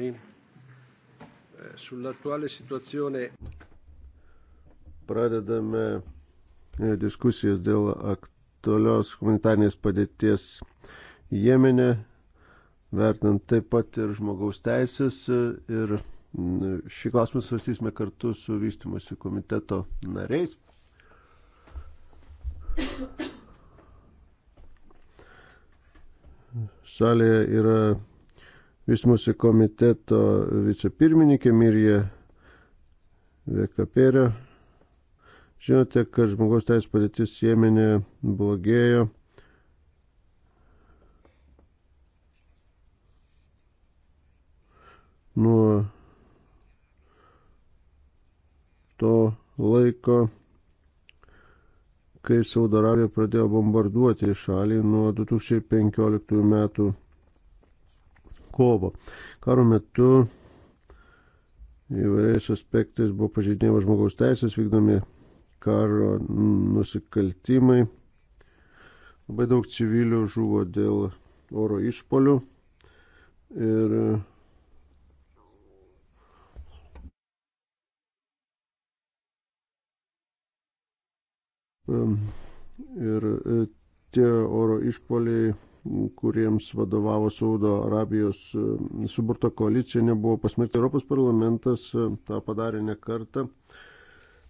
Eh, sull'attuale situazione. Pradedame eh, diskusijas dėl aktualios humanitarnės padėties Jemenė, vertinant taip pat ir žmogaus teisės. Eh, ir mm, šį klausimą svarstysime kartu su vystimosi komiteto nariais. Salėje yra vystimosi komiteto vicepirmininkė Mirija Vekaperė. Žinote, kad žmogaus teisų padėtis Jemenė blogėjo. Nuo to laiko, kai Saudarabija pradėjo bombarduoti šalį nuo 2015 metų kovo. Karo metu įvairiais aspektais buvo pažeidinėjama žmogaus teisės, vykdomi karo nusikaltimai. Labai daug civilių žuvo dėl oro išpolių ir ir e, tie oro išpoliai kuriems vadovavo Saudo Arabijos e, suburta koalicija, nebuvo pasmerkti. Europos parlamentas e, tą padarė ne kartą,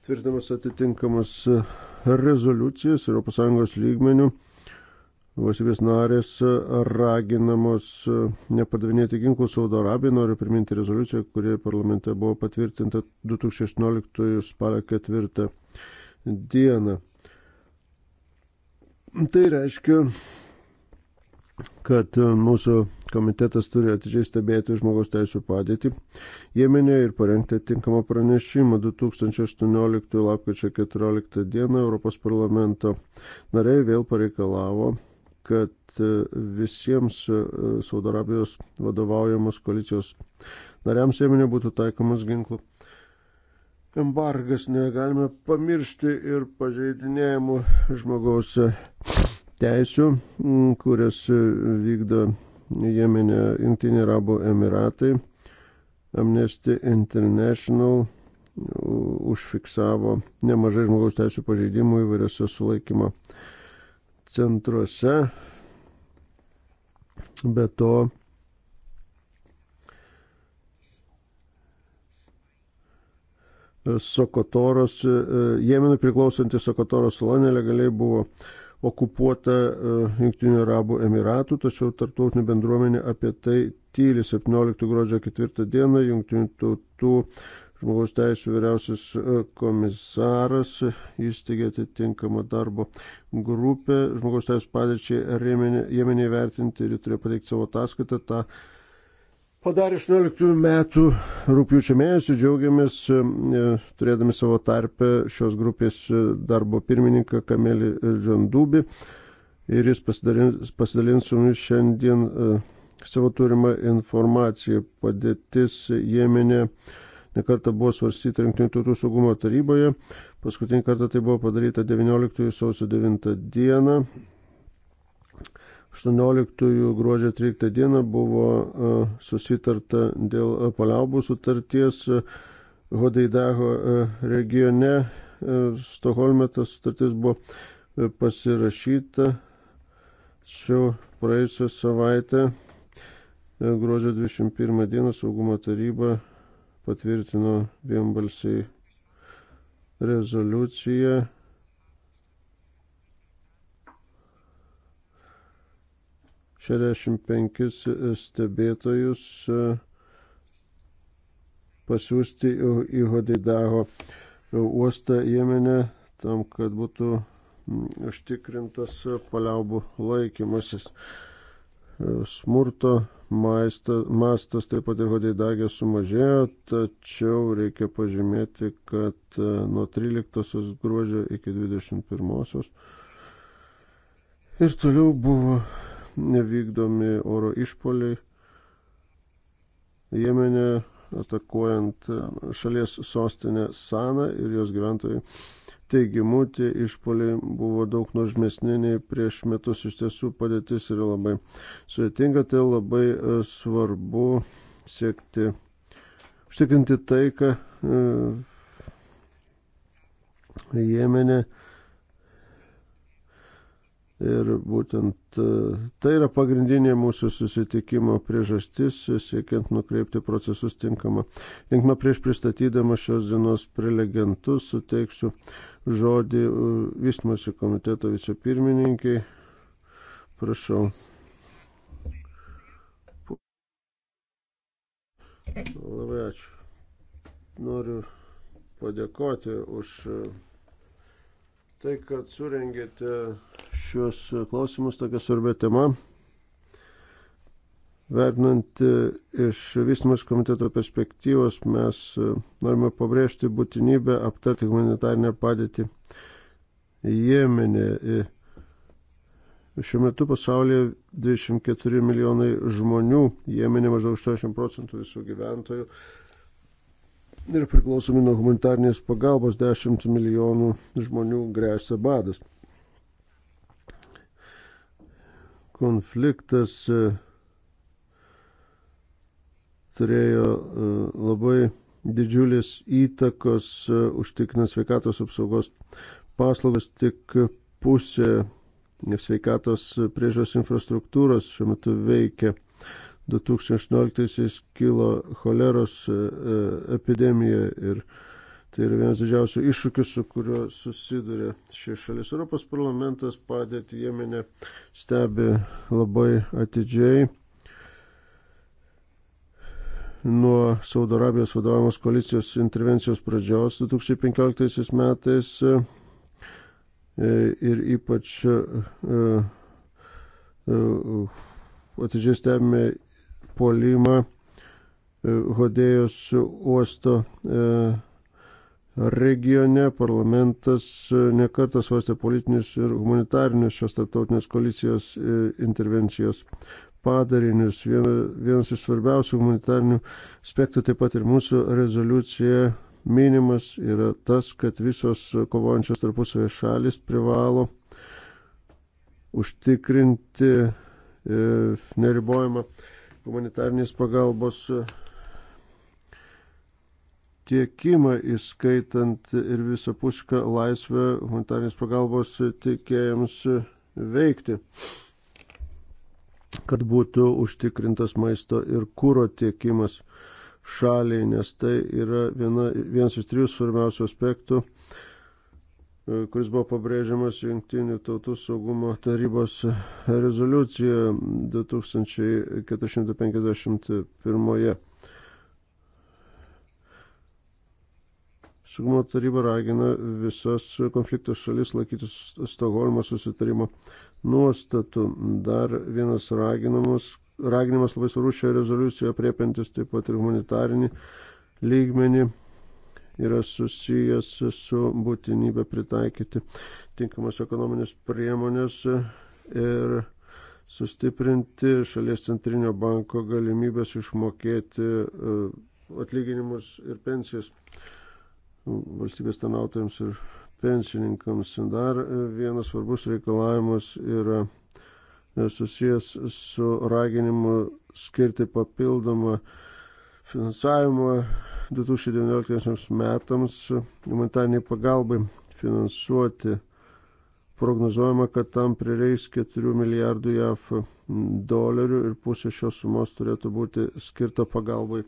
tvirtinamas atitinkamas e, rezoliucijas ES lygmenių. Valstybės narės raginamos nepadavinėti ginklų Saudo Arabijai. Noriu priminti rezoliuciją, kuri parlamente buvo patvirtinta 2016 spalio 4 dieną. Tai reiškia, kad e, mūsų komitetas turi atidžiai stebėti žmogaus teisų padėtį Jemenė ir parengti atinkamą pranešimą 2018 lapkričio 14 dieną Europos parlamento nariai vėl pareikalavo, kad e, visiems e, Saudo Arabijos vadovaujamos koalicijos nariams Jemenė būtų taikomas ginklų. Embargas negalime pamiršti ir pažeidinėjimų žmogaus teisių, mm, kurias e, vykdo Jemenė Jungtinė Arabų Emiratai. Amnesty International užfiksavo nemažai žmogaus teisų pažeidimų įvairiose sulaikymo centruose. Be to, Sokotoros, e, Jemenui priklausanti Sokotoros sala nelegaliai buvo okupuota e, Junktinių Arabų Emiratų, tačiau tarptautinė bendruomenė apie tai tyli 17 gruodžio 4 dieną Junktinių tautų žmogaus teisų vyriausias e, komisaras įsteigė atitinkamą darbo grupę žmogaus teisų padėčiai Jemenį vertinti ir turėjo pateikti savo ataskaitą. Ta Po dar 18 metų rūpiučio mėnesį džiaugiamės e, turėdami savo tarpę šios grupės e, darbo pirmininką Kamelį Žandubį ir jis pasidalins, pasidalins su mumis šiandien e, savo turimą informaciją. Padėtis Jemenė nekarta buvo svarstyti Junktinių tautų saugumo taryboje, paskutinį kartą tai buvo padaryta 19 sausio 9 dieną 18 gruodžio 13 dieną buvo e, susitarta dėl e, paliaubų sutarties e, Hodeidaho regione. Stokholme tas sutartis buvo pasirašyta, tačiau praėjusią savaitę gruodžio 21 dieną saugumo taryba patvirtino vienbalsiai rezoliuciją 65 e, stebėtojus e, pasiūsti į Hodidaho e, uostą Jemenę tam, kad būtų užtikrintas paliaubų laikymasis. Smurto maistas, mastas taip pat ir Hodidagė sumažėjo, tačiau reikia pažymėti, kad nuo 13 gruodžio iki 21 ir toliau buvo vykdomi oro išpoliai Jemenė, atakuojant e, šalies sostinę Saną ir jos gyventojai. Teigimu, tie išpoliai buvo daug nuožmesni nei prieš metus. Iš tiesų padėtis yra labai sudėtinga, tai labai e, svarbu siekti, užtikrinti taiką Jemenė. E, Ir būtent e, tai yra pagrindinė mūsų susitikimo priežastis, siekiant nukreipti procesus tinkamą. Linkma prieš pristatydama šios dienos prelegentus suteiksiu žodį e, vystimosi komiteto vicepirmininkiai. Prašau. Labai ačiū. Noriu padėkoti už e, tai, kad surengėte šios klausimus tokia svarbia tema. Vertinant e, iš vystymas komiteto perspektyvos, mes e, norime pabrėžti būtinybę aptarti humanitarinę padėtį Jemenė. E, šiuo metu pasaulyje 24 milijonai žmonių, Jemenė maždaug 80 procentų visų gyventojų ir priklausomi nuo humanitarnės pagalbos 10 milijonų žmonių grėsia badas. konfliktas e, turėjo e, labai didžiulės įtakos e, užtikrinant sveikatos apsaugos paslaugas tik pusė sveikatos priežos infrastruktūros šiuo metu veikia. 2018 kilo choleros epidemija ir Tai yra vienas didžiausių iššūkių, su kuriuo susiduria ši šalis. Europos parlamentas padėti Jemenė stebi labai atidžiai. Nuo Saudo Arabijos vadovamos koalicijos intervencijos pradžios 2015 metais e, ir ypač e, e, atidžiai stebime polimą Hodėjos uosto regione. Parlamentas e, nekartas svarstė politinius ir humanitarinius šios tarptautinės koalicijos e, intervencijos padarinius. Vienas iš svarbiausių humanitarinių aspektų, taip pat ir mūsų rezoliucija minimas, yra tas, kad visos kovojančios tarpusavėje šalis privalo užtikrinti e, neribojama humanitarnės pagalbos tiekimą, įskaitant ir visapušką laisvę humanitarnės pagalbos tiekėjams veikti, kad būtų užtikrintas maisto ir kūro tiekimas šaliai, nes tai yra viena, vienas iš trijų svarbiausių aspektų, kuris buvo pabrėžiamas Junktinių tautų saugumo tarybos rezoliucijoje 2451. Saugumo taryba ragina visas konflikto šalis laikytis Stokholmo susitarimo nuostatų. Dar vienas raginimas, raginimas labai svarbus šioje rezoliucijoje, priepiantis taip pat ir humanitarinį lygmenį, yra susijęs su būtinybė pritaikyti tinkamas ekonominės priemonės ir sustiprinti šalies centrinio banko galimybės išmokėti e, atlyginimus ir pensijas valstybės tarnautojams ir pensininkams. Dar e, vienas svarbus reikalavimas yra e, susijęs su raginimu skirti papildomą finansavimą 2019 metams humanitariniai pagalbai finansuoti. Prognozuojama, kad tam prireiks 4 milijardų JAF dolerių ir pusė šios sumos turėtų būti skirta pagalbai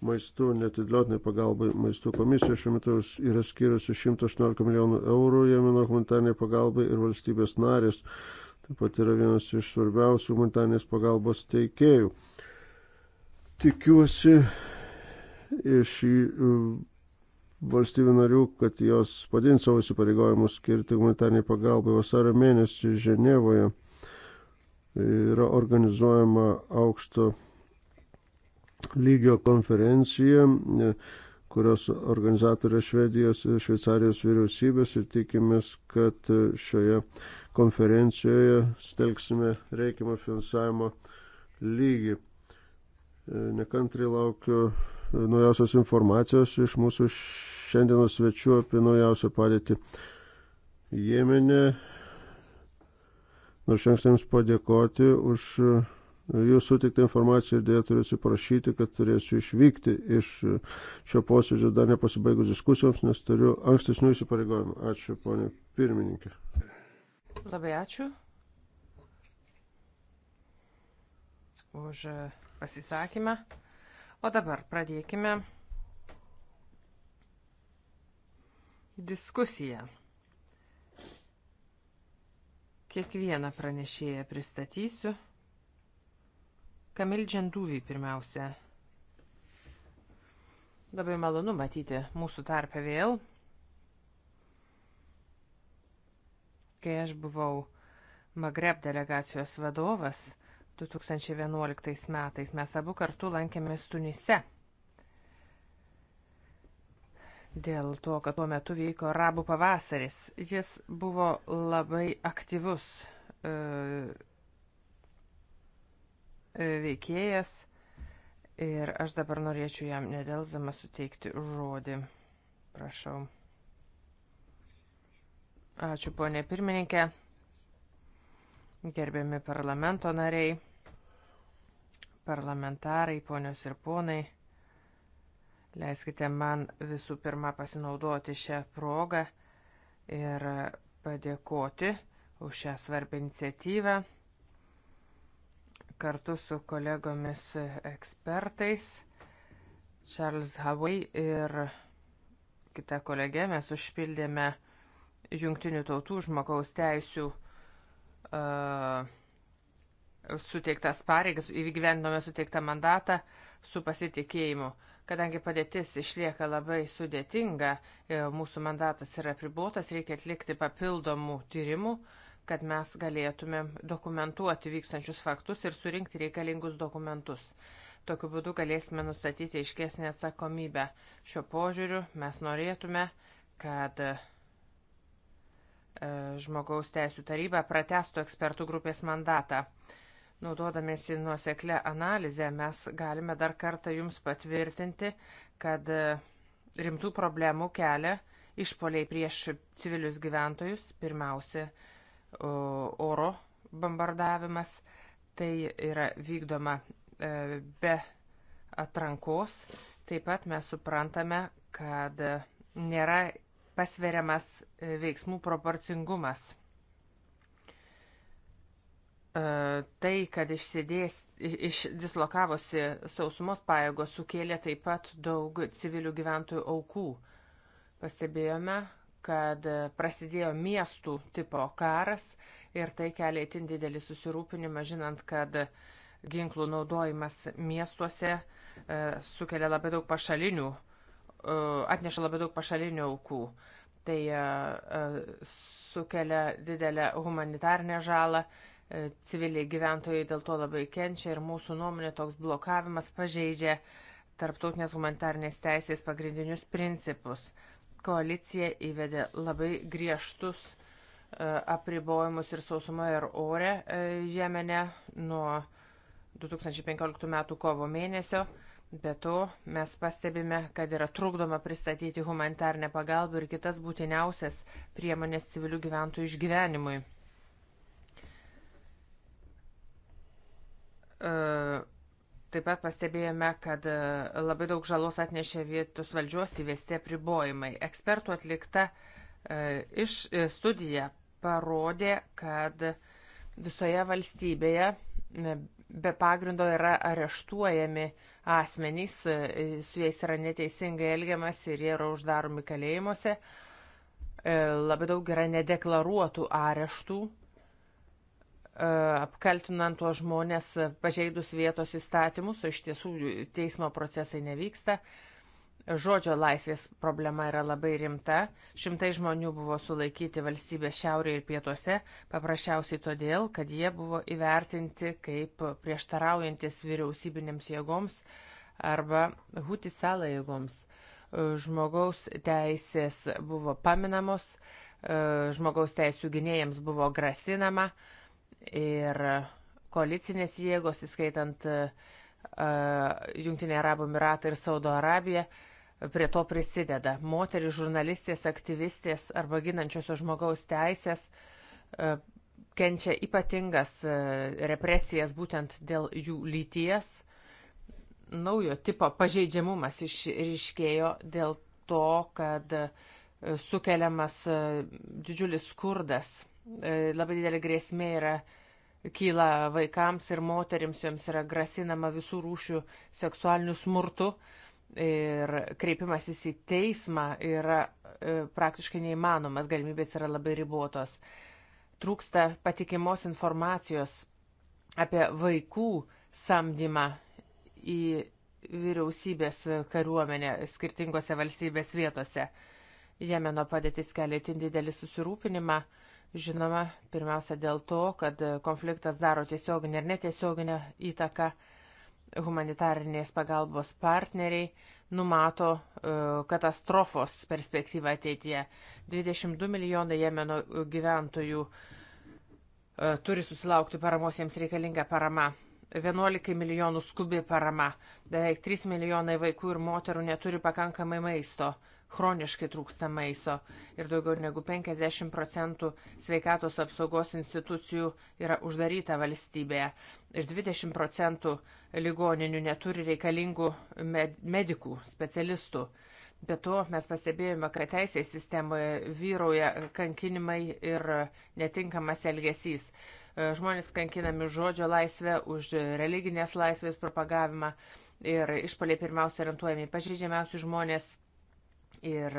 maistu, netidliotinai pagalbai maistu komisija šiuo metu yra skiriusi 118 milijonų eurų Jemeno humanitarniai pagalbai ir valstybės narės. Taip pat yra vienas iš svarbiausių humanitarnės pagalbos teikėjų. Tikiuosi iš e, valstybių narių, kad jos padins savo įsipareigojimus skirti humanitarniai pagalbai vasario mėnesį Ženevoje. Yra organizuojama aukšto lygio konferencija, e, kurios organizatorė Švedijos ir e, Šveicarijos vyriausybės ir tikimės, kad e, šioje konferencijoje stelksime reikiamą finansavimo lygį. Nekantriai laukiu naujausios informacijos iš mūsų šiandienos svečių apie naujausią padėtį Jemenė. Nors šiandien jums padėkoti už jūsų tik tą informaciją ir dėja turėsiu prašyti, kad turėsiu išvykti iš šio posėdžio dar nepasibaigus diskusijoms, nes turiu ankstesnių įsipareigojimų. Ačiū, ponė pirmininkė. Labai ačiū už pasisakymą. O dabar pradėkime diskusiją. Kiekvieną pranešėją pristatysiu. Kamil Dženduvį pirmiausia. Labai malonu matyti mūsų tarpę vėl. Kai aš buvau Magreb delegacijos vadovas 2011 metais, mes abu kartu lankėmės Tunise dėl to, kad tuo metu vyko arabų pavasaris. Jis buvo labai aktyvus. E, E, veikėjas ir aš dabar norėčiau jam nedelsdama suteikti žodį. Prašau. Ačiū, ponė pirmininkė, gerbiami parlamento nariai, parlamentarai, ponios ir ponai. Leiskite man visų pirma pasinaudoti šią progą ir padėkoti už šią svarbę iniciatyvą kartu su kolegomis ekspertais Charles Hawai ir kita kolegė mes užpildėme Junktinių tautų žmogaus teisių uh, e, suteiktas pareigas, įgyvendome suteiktą mandatą su pasitikėjimu. Kadangi padėtis išlieka labai sudėtinga, e, mūsų mandatas yra pribuotas, reikia atlikti papildomų tyrimų. Uh, kad mes galėtume dokumentuoti vykstančius faktus ir surinkti reikalingus dokumentus. Tokiu būdu galėsime nustatyti iškesnį atsakomybę. Šiuo požiūriu mes norėtume, kad e, žmogaus teisų taryba pratestų ekspertų grupės mandatą. Naudodamėsi nuoseklę analizę, mes galime dar kartą jums patvirtinti, kad e, rimtų problemų kelia išpoliai prieš civilius gyventojus, pirmiausia, oro bombardavimas. Tai yra vykdoma e, be atrankos. Taip pat mes suprantame, kad nėra pasveriamas e, veiksmų proporcingumas. E, tai, kad išsidės, išdislokavosi sausumos pajėgos, sukėlė taip pat daug civilių gyventojų aukų. Pastebėjome, kad prasidėjo miestų tipo karas ir tai kelia itin didelį susirūpinimą, žinant, kad ginklų naudojimas miestuose e, sukelia labai daug pašalinių, e, atneša labai daug pašalinių aukų. Tai e, sukelia didelę humanitarnę žalą, civiliai gyventojai dėl to labai kenčia ir mūsų nuomonė toks blokavimas pažeidžia tarptautinės humanitarnės teisės pagrindinius principus koalicija įvedė labai griežtus e, apribojimus ir sausumoje, ir ore e, Jemene nuo 2015 m. kovo mėnesio. Be to, mes pastebime, kad yra trukdoma pristatyti humanitarnę pagalbą ir kitas būtiniausias priemonės civilių gyventojų išgyvenimui. Uh, Taip pat pastebėjome, kad e, labai daug žalos atnešė vietos valdžios įvesti apribojimai. Ekspertų atlikta e, iš e, studija parodė, kad visoje valstybėje be pagrindo yra areštuojami asmenys, su jais yra neteisingai elgiamas ir jie yra uždaromi kalėjimuose. Labai daug yra nedeklaruotų areštų E, apkaltinant tuos žmonės pažeidus vietos įstatymus, o iš tiesų teismo procesai nevyksta. Žodžio laisvės problema yra labai rimta. Šimtai žmonių buvo sulaikyti valstybės šiaurėje ir pietuose, paprasčiausiai todėl, kad jie buvo įvertinti kaip prieštaraujantis vyriausybinėms jėgoms arba huti salą jėgoms. E, žmogaus teisės buvo paminamos, e, žmogaus teisų gynėjams buvo grasinama, ir koalicinės jėgos, įskaitant e, e, Junktinė Arabų Emiratai ir Saudo Arabija, prie to prisideda. Moteris žurnalistės, aktyvistės arba ginančiosios žmogaus teisės e, kenčia ypatingas represijas būtent dėl jų lyties. Naujo tipo pažeidžiamumas išryškėjo dėl to, kad sukeliamas didžiulis skurdas E, labai didelė grėsmė yra kyla vaikams ir moteriams, joms yra grasinama visų rūšių seksualiniu smurtu ir kreipimasis į teismą yra e, praktiškai neįmanomas, galimybės yra labai ribotos. Trūksta patikimos informacijos apie vaikų samdymą į vyriausybės kariuomenę skirtingose valstybės vietose. Jemeno padėtis kelia itin didelį susirūpinimą. Žinoma, pirmiausia dėl to, kad konfliktas daro tiesioginę ir netiesioginę įtaką humanitarinės pagalbos partneriai numato e, katastrofos perspektyvą ateityje. 22 milijonai Jemeno gyventojų e, turi susilaukti paramos, jiems reikalinga parama. 11 milijonų skubi parama, beveik 3 milijonai vaikų ir moterų neturi pakankamai maisto chroniškai trūksta maisto ir daugiau negu 50 procentų sveikatos apsaugos institucijų yra uždaryta valstybėje ir 20 procentų ligoninių neturi reikalingų med medikų, specialistų. Be to mes pastebėjome, kad teisės sistemoje vyrauja kankinimai ir netinkamas elgesys. E, žmonės kankinami už žodžio laisvę, už religinės laisvės propagavimą ir išpaliai pirmiausia orientuojami pažydžiamiausi žmonės Ir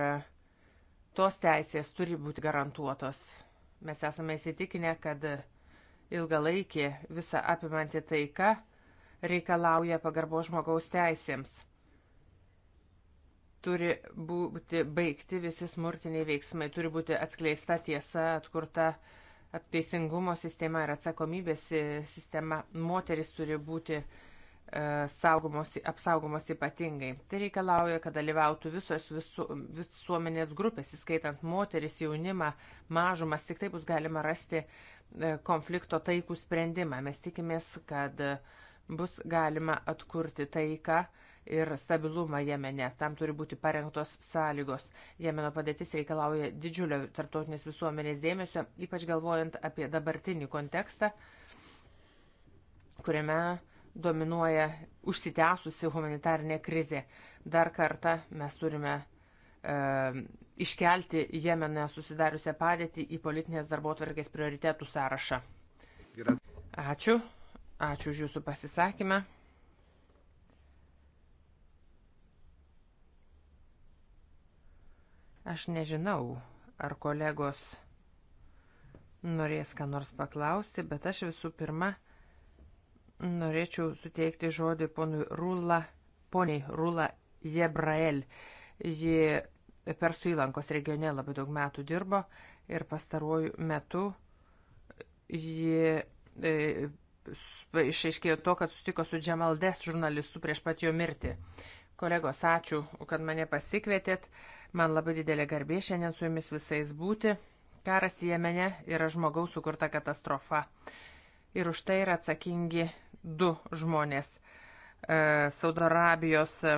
tos teisės turi būti garantuotos. Mes esame įsitikinę, kad ilgalaikė visą apimanti taika reikalauja pagarbo žmogaus teisėms. Turi būti baigti visi smurtiniai veiksmai, turi būti atskleista tiesa, atkurta teisingumo sistema ir atsakomybės sistema. Moteris turi būti uh, E, saugomos, apsaugomos ypatingai. Tai reikalauja, kad dalyvautų visos visu, visuomenės grupės, įskaitant moteris, jaunimą, mažumas, tik taip bus galima rasti e, konflikto taikų sprendimą. Mes tikimės, kad e, bus galima atkurti taiką ir stabilumą Jemene. Tam turi būti parengtos sąlygos. Jemeno padėtis reikalauja didžiulio tarptautinės visuomenės dėmesio, ypač galvojant apie dabartinį kontekstą, kuriame dominuoja užsitęsusi humanitarinė krizė. Dar kartą mes turime e, iškelti Jemenoje susidariusią padėtį į politinės darbo tvarkės prioritetų sąrašą. Ačiū. Ačiū už Jūsų pasisakymą. Aš nežinau, ar kolegos norės ką nors paklausti, bet aš visų pirma Norėčiau suteikti žodį ponui Rula, poniai Rula Jebrael. Ji Persų įlankos regione labai daug metų dirbo ir pastaruoju metu ji e, išaiškėjo to, kad sustiko su Džemaldes žurnalistu prieš pat jo mirtį. Kolegos, ačiū, kad mane pasikvietėt. Man labai didelė garbė šiandien su jumis visais būti. Karas Jemene yra žmogaus sukurta katastrofa. Ir už tai yra atsakingi du žmonės. E, Saudo Arabijos e,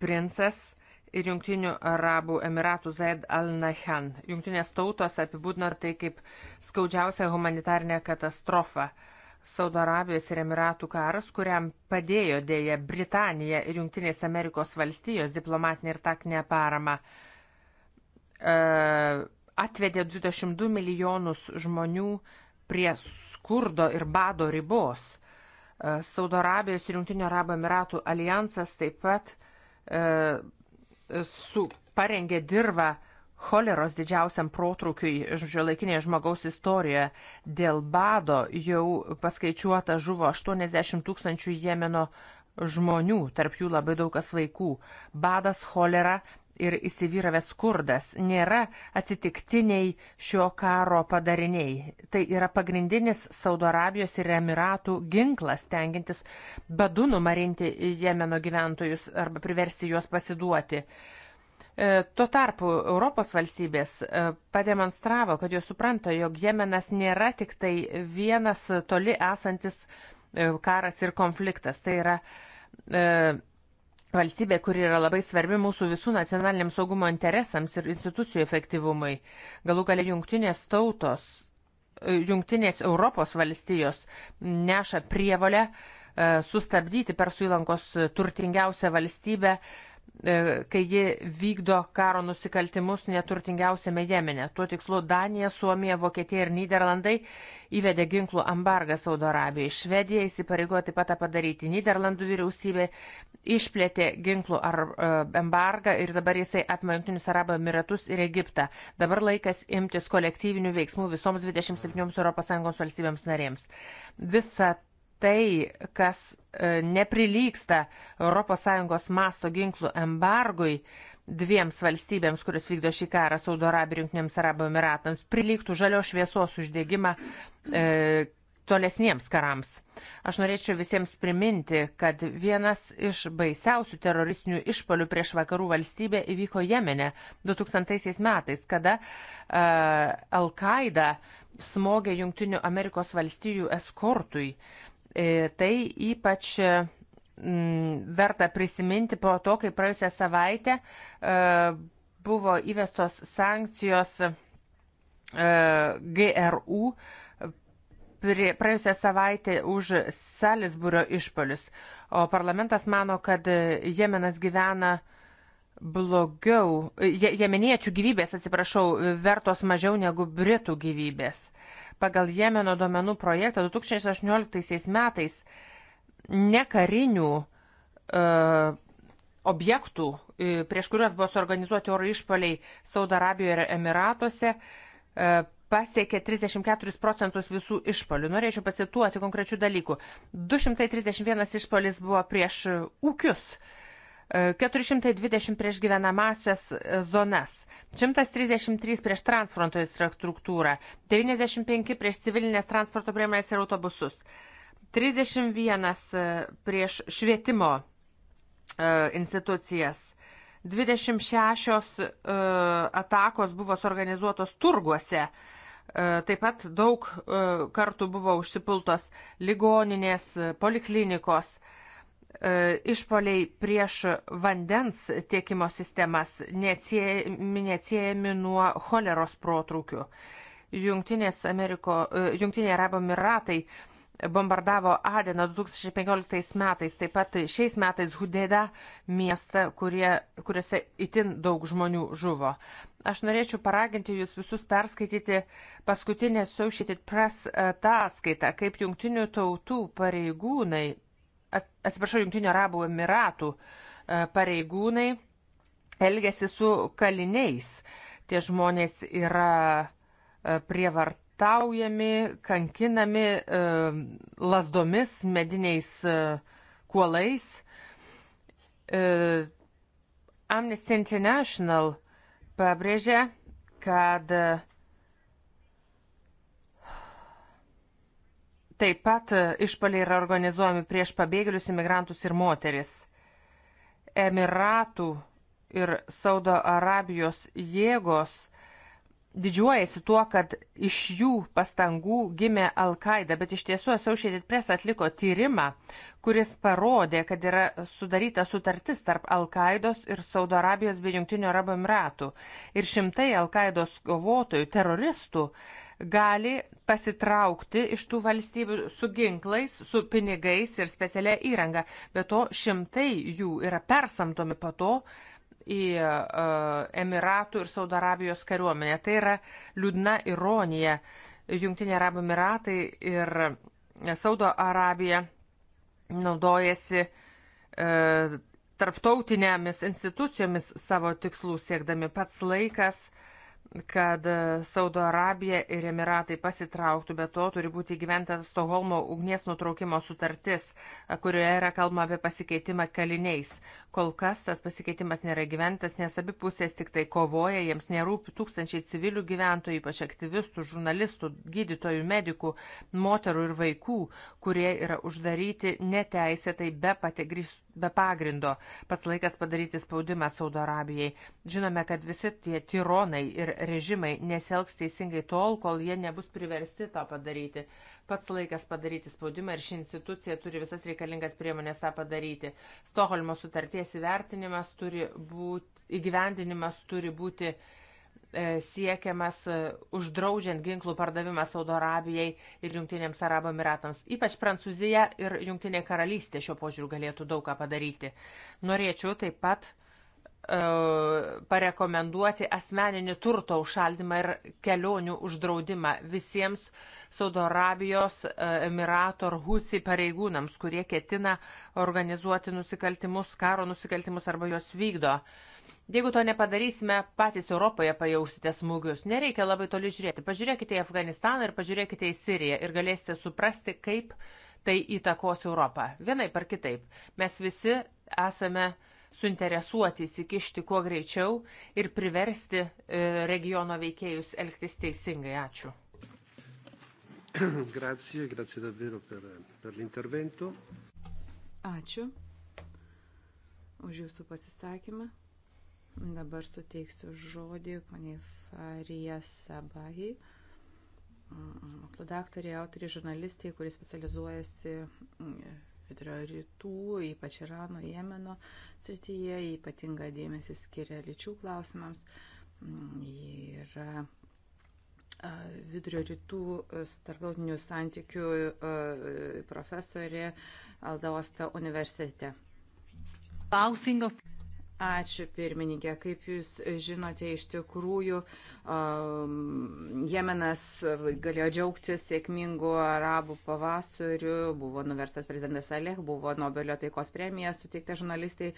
princas ir Junktinių Arabų Emiratų Zaid al-Nahan. Junktinės tautos apibūdina tai kaip skaudžiausią humanitarinę katastrofą. Saudo Arabijos ir Emiratų karas, kuriam padėjo dėja Britanija ir Junktinės Amerikos valstijos diplomatinė ir taktinė parama, e, atvedė 22 milijonus žmonių prie skurdo ir bado ribos. E, Saudo Arabijos ir Junktinio Arabų Emiratų alijansas taip pat e, su, parengė dirbą choleros didžiausiam protrūkiui žiolaikinėje žmogaus istorijoje. Dėl bado jau paskaičiuota žuvo 80 tūkstančių Jemeno žmonių, tarp jų labai daug kas vaikų. Badas cholera ir įsivyravęs skurdas nėra atsitiktiniai šio karo padariniai. Tai yra pagrindinis Saudo Arabijos ir Emiratų ginklas, tengintis badu numarinti Jemeno gyventojus arba priversti juos pasiduoti. E, tuo tarpu Europos valstybės e, pademonstravo, kad jos supranta, jog Jemenas nėra tik tai vienas toli esantis e, karas ir konfliktas. Tai yra valstybė, kuri yra labai svarbi mūsų visų nacionaliniam saugumo interesams ir institucijų efektyvumui. Galų galia jungtinės tautos, e, jungtinės Europos valstijos neša prievolę e, sustabdyti Persų įlankos turtingiausią valstybę E, kai ji vykdo karo nusikaltimus neturtingiausiame Jemene. Tuo tikslu Danija, Suomija, Vokietija ir Niderlandai įvedė ginklų embargą Saudo Arabijai. Švedija įsipareigojo taip pat tą padaryti. Niderlandų vyriausybė išplėtė ginklų ar, embargą ir dabar jisai apima Junktinius Arabų Emiratus ir Egiptą. Dabar laikas imtis kolektyvinių veiksmų visoms 27 ES valstybėms narėms. Visa tai, kas e, neprilyksta ES masto ginklų embargui dviems valstybėms, kuris vykdo šį karą Saudo Arabija ir Junktinėms Arabų Emiratams, prilygtų žalio šviesos uždėgymą e, tolesniems karams. Aš norėčiau visiems priminti, kad vienas iš baisiausių teroristinių išpolių prieš vakarų valstybę įvyko Jemene 2000 metais, kada e, Al-Qaida smogė Junktinių Amerikos valstijų eskortui. E, E, tai ypač e, verta prisiminti po to, kai praėjusią savaitę e, buvo įvestos sankcijos GRU praėjusią savaitę už Salisburio išpolius. O parlamentas mano, kad Jemenas gyvena blogiau, je, jemeniečių gyvybės, atsiprašau, vertos mažiau negu Britų gyvybės. Pagal Jemeno duomenų projektą 2018 metais nekarinių e, objektų, e, prieš kuriuos buvo suorganizuoti oro išpoliai Saudo Arabijoje ir Emiratuose, e, pasiekė 34 procentus visų išpolių. Norėčiau pacituoti konkrečių dalykų. 231 išpolis buvo prieš ūkius, 420 prieš gyvenamasias e, zonas, 133 prieš transfronto infrastruktūrą, 95 prieš civilinės transporto priemonės ir autobusus, 31 e, prieš švietimo e, institucijas, 26 atakos buvo suorganizuotos turguose, taip pat daug kartų buvo užsipultos ligoninės, poliklinikos. E, išpoliai prieš vandens tiekimo sistemas neatsiejami, neatsiejami nuo choleros protrūkių. Junktinės Ameriko, e, Junktiniai Arabų Emiratai bombardavo Adeną 2015 metais, taip pat šiais metais Hudeda miestą, kurie, kuriuose itin daug žmonių žuvo. Aš norėčiau paraginti jūs visus perskaityti paskutinę Associated Press ataskaitą, kaip jungtinių tautų pareigūnai atsiprašau, Junktinio Arabų Emiratų e, pareigūnai elgesi su kaliniais. Tie žmonės yra e, prievartaujami, kankinami e, lasdomis, mediniais kuolais. Amnesty International pabrėžė, kad uh, Taip pat e, išpaliai yra organizuojami prieš pabėgėlius, imigrantus ir moteris. Emiratų ir Saudo Arabijos jėgos didžiuojasi tuo, kad iš jų pastangų gimė Al-Qaeda, bet iš tiesų Associated Press atliko tyrimą, kuris parodė, kad yra sudaryta sutartis tarp Al-Qaedos ir Saudo Arabijos bei Junktinio Arabų Emiratų. Ir šimtai Al-Qaedos kovotojų, teroristų gali pasitraukti iš tų valstybių su ginklais, su pinigais ir specialia įranga. Be to, šimtai jų yra persamtomi po to į e, Emiratų ir Saudarabijos kariuomenę. Tai yra liūdna ironija. Junktinė Arabų Emiratai ir Saudo Arabija naudojasi e, tarptautinėmis institucijomis savo tikslų siekdami pats laikas e, kad e, Saudo Arabija ir Emiratai pasitrauktų, bet to turi būti gyventa Stoholmo ugnies nutraukimo sutartis, e, kurioje yra kalba apie pasikeitimą kaliniais. Kol kas tas pasikeitimas nėra gyventas, nes abi pusės tik tai kovoja, jiems nerūpi tūkstančiai civilių gyventojų, ypač aktyvistų, žurnalistų, gydytojų, medikų, moterų ir vaikų, kurie yra uždaryti neteisėtai be pategrįstų be pagrindo. Pats laikas padaryti spaudimą Saudo Arabijai. Žinome, kad visi tie tironai ir režimai nesielgs teisingai tol, kol jie nebus priversti tą padaryti. Pats laikas padaryti spaudimą ir ši institucija turi visas reikalingas priemonės tą padaryti. Stoholmo sutarties įvertinimas turi būti, įgyvendinimas turi būti uh, E, siekiamas e, uždraudžiant ginklų pardavimą Saudo Arabijai ir Junktinėms Arabo Emiratams. Ypač Prancūzija ir Junktinė karalystė šio požiūriu galėtų daug ką padaryti. Norėčiau taip pat e, parekomenduoti asmeninį turto užšaldymą ir kelionių uždraudimą visiems Saudo Arabijos Emirato ar Husi pareigūnams, kurie ketina organizuoti nusikaltimus, karo nusikaltimus arba juos vykdo. Uh, Jeigu to nepadarysime, patys Europoje pajausite smūgius. Nereikia labai toli žiūrėti. Pažiūrėkite į Afganistaną ir pažiūrėkite į Siriją ir galėsite suprasti, kaip tai įtakos Europą. Vienai par kitaip. Mes visi esame suinteresuoti įsikišti kuo greičiau ir priversti e, regiono veikėjus elgtis teisingai. Ačiū. Grazie, grazie davvero per, per l'intervento. Ačiū už jūsų pasisakymą. Dabar suteiksiu žodį paniai Farija Sabahi, mokslo daktarė, autorė, žurnalistė, kuris specializuojasi mm, vidurio rytų, ypač Irano, Jemeno srityje, ypatinga dėmesį skiria lyčių klausimams. Mm, ji yra vidurio rytų tarptautinių santykių profesorė Aldaosta universitete. Pausing of Ačiū pirmininkė. Kaip jūs žinote, iš tikrųjų um, Jemenas galėjo džiaugtis sėkmingu arabų pavasariu, buvo nuverstas prezidentas Alech, buvo Nobelio taikos premija suteikta žurnalistai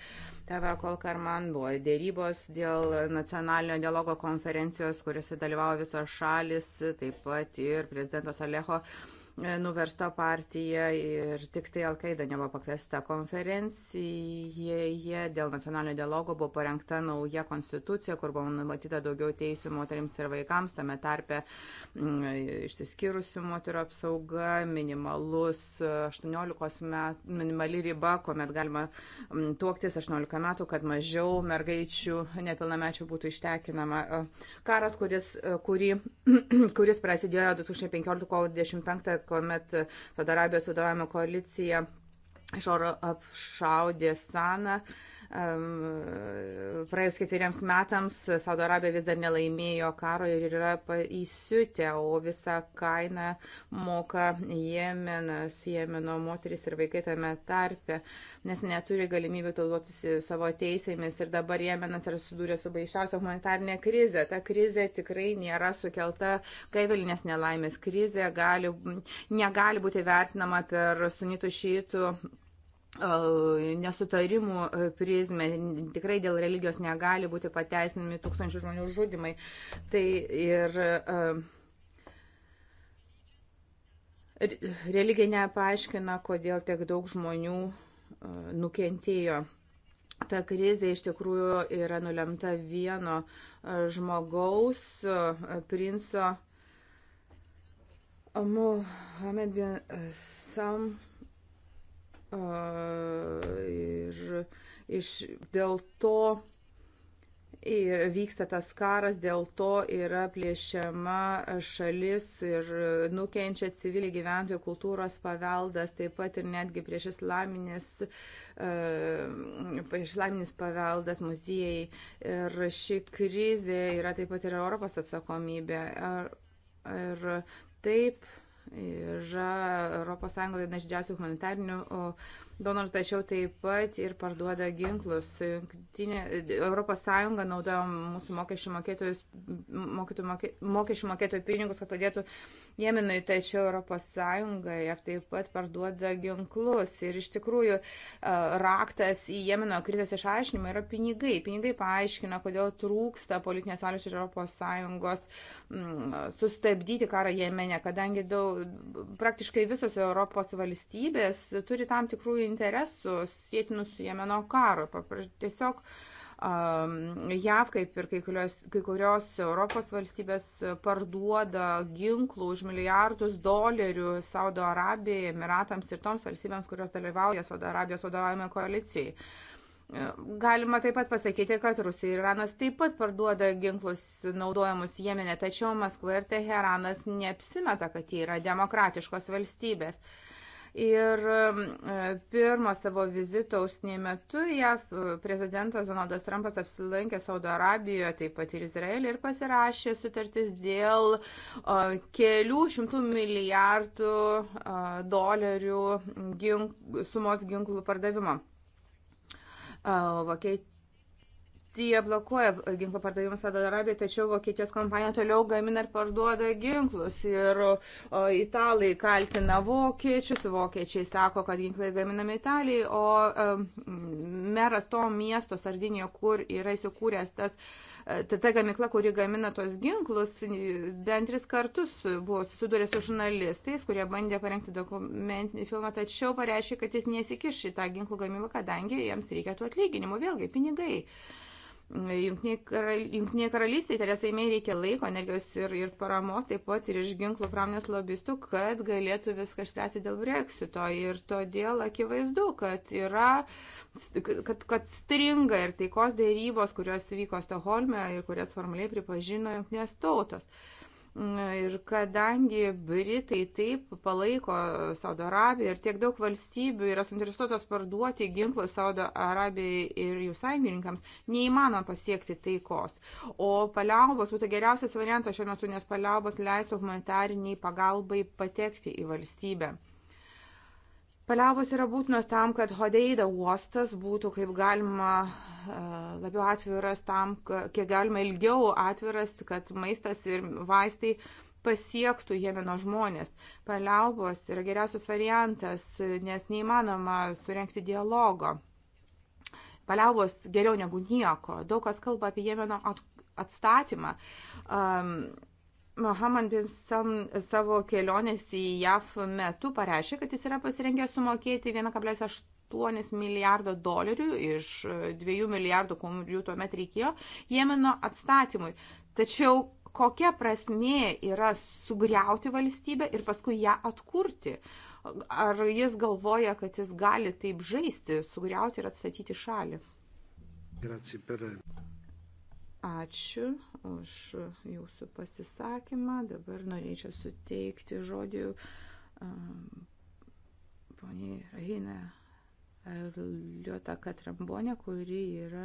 TV Kolkarman, buvo dėrybos dėl nacionalinio dialogo konferencijos, kuriuose dalyvavo visos šalis, taip pat ir prezidentos Alecho uh, nuversta partija ir tik tai Alkaida nebuvo pakviesta konferencijoje. Dėl nacionalinio dialogo buvo parengta nauja konstitucija, kur buvo numatyta daugiau teisų moteriams ir vaikams, tame tarpe mm, išsiskyrusių moterų apsauga, minimalus 18 metų, minimali riba, kuomet galima mm, tuoktis 18 metų, kad mažiau mergaičių nepilnamečių būtų ištekinama. Karas, kuris, kuri, kuris prasidėjo 2015 kovo 25 kuomet Saudo Arabijos vadovavimo koalicija iš oro apšaudė Saną. Uh, Praėjus ketveriems metams Saudo Arabija vis dar nelaimėjo karo ir yra įsiutę, o visą kainą moka Jemenas, Jemeno moteris ir vaikai tame tarpe, nes neturi galimybę taudotis savo teisėmis ir dabar Jemenas yra susidūrė su baišiausia humanitarnė krize. Ta krize tikrai nėra sukelta kaivelinės nelaimės. Krize gali, negali būti vertinama per sunitų šytų nesutarimų prizmę. Tikrai dėl religijos negali būti pateisinami tūkstančių žmonių žudimai. Tai ir religija nepaaiškina, kodėl tiek daug žmonių nukentėjo. Ta krizė iš tikrųjų yra nulemta vieno žmogaus, princo Mohamed bin Sam Ir iš, dėl to ir vyksta tas karas, dėl to yra plėšiama šalis ir nukenčia civiliai gyventojų kultūros paveldas, taip pat ir netgi prieš islaminis, prieš islaminis paveldas muziejai. Ir ši krizė yra taip pat ir Europos atsakomybė. Ir, ir taip yra ES viena iš didžiausių humanitarinių donorų, tačiau taip pat ir parduoda ginklus. Jungtinė, Europos Sąjunga naudoja mūsų mokesčių mokėtojus, mokėtų, mokė, mokesčių mokėtojų pinigus, kad padėtų Jemenui, tačiau Europos Sąjunga ir taip pat parduoda ginklus. Ir iš tikrųjų raktas į Jemeno krizės išaiškinimą yra pinigai. Pinigai paaiškina, kodėl trūksta politinės valios ir Europos Sąjungos sustabdyti karą Jemene, kadangi daug, praktiškai visos Europos valstybės turi tam tikrų interesų sėtinų su Jemeno karu. Tiesiog JAV, kaip ir kai kurios, kai kurios Europos valstybės, parduoda ginklų už milijardus dolerių Saudo Arabijai, Emiratams ir toms valstybėms, kurios dalyvauja Saudo Arabijos vadovavime koalicijai. Galima taip pat pasakyti, kad Rusija ir Iranas taip pat parduoda ginklus naudojamus Jemenė, tačiau Maskva ir Teheranas neapsimeta, kad jie yra demokratiškos valstybės. Uh, Ir um, pirmo savo vizito užsienyje metu JAV uh, prezidentas Donaldas Trumpas apsilankė Saudo Arabijoje, taip pat ir Izraelį ir pasirašė sutartis dėl uh, kelių šimtų milijardų uh, dolerių gink, sumos ginklų pardavimo. Vokietija Vokietija blokuoja ginklo pardavimus Saudo Arabijai, tačiau Vokietijos kompanija toliau gamina ir parduoda ginklus. Ir o, italai kaltina vokiečius, vokiečiai sako, kad ginklai gaminami Italijai, o, o meras to miesto Sardinijoje, kur yra įsikūręs tas ta, ta gamikla, kuri gamina tos ginklus, bent tris kartus buvo susidūrę su žurnalistais, kurie bandė parengti dokumentinį filmą, tačiau pareiškė, kad jis nesikiš į tą ginklų gamybą, kadangi jiems reikia tų atlyginimų, vėlgi pinigai. Uh, Junktinėje karalystėje Teresai Mei reikia laiko, energijos ir, ir paramos, taip pat ir iš ginklų pramonės lobistų, kad galėtų viską išspręsti dėl breksito. Ir todėl akivaizdu, kad yra, kad, kad stringa ir taikos dėrybos, kurios vyko Stoholme ir kurias formaliai pripažino Junktinės tautos. Uh, Ir kadangi Britai taip palaiko Saudo Arabiją ir tiek daug valstybių yra suinteresuotos parduoti ginklus Saudo Arabijai ir jų sąjungininkams, neįmanoma pasiekti taikos. O paliaubos būtų geriausias variantas šiuo metu, nes paliaubos leistų humanitariniai pagalbai patekti į valstybę. Paliaubos yra būtinos tam, kad Hodeida uostas būtų kaip galima e, labiau atviras tam, kiek galima ilgiau atviras, kad maistas ir vaistai pasiektų Jemeno žmonės. Paliaubos yra geriausias variantas, nes neįmanoma surenkti dialogo. Paliaubos geriau negu nieko. Daug kas kalba apie Jemeno atstatymą. Um, Mohamed bin Sam savo kelionės į JAV metu pareiškė, kad jis yra pasirengęs sumokėti 1,8 milijardo dolerių iš 2 e, milijardų, kurių tuomet reikėjo, Jemeno atstatymui. Tačiau kokia prasmė yra sugriauti valstybę ir paskui ją atkurti? Ar jis galvoja, kad jis gali taip žaisti, sugriauti ir atstatyti šalį? Grazie per Ačiū už jūsų pasisakymą. Dabar norėčiau suteikti žodį um, poniai Rahina Liota Katrambonė, kuri yra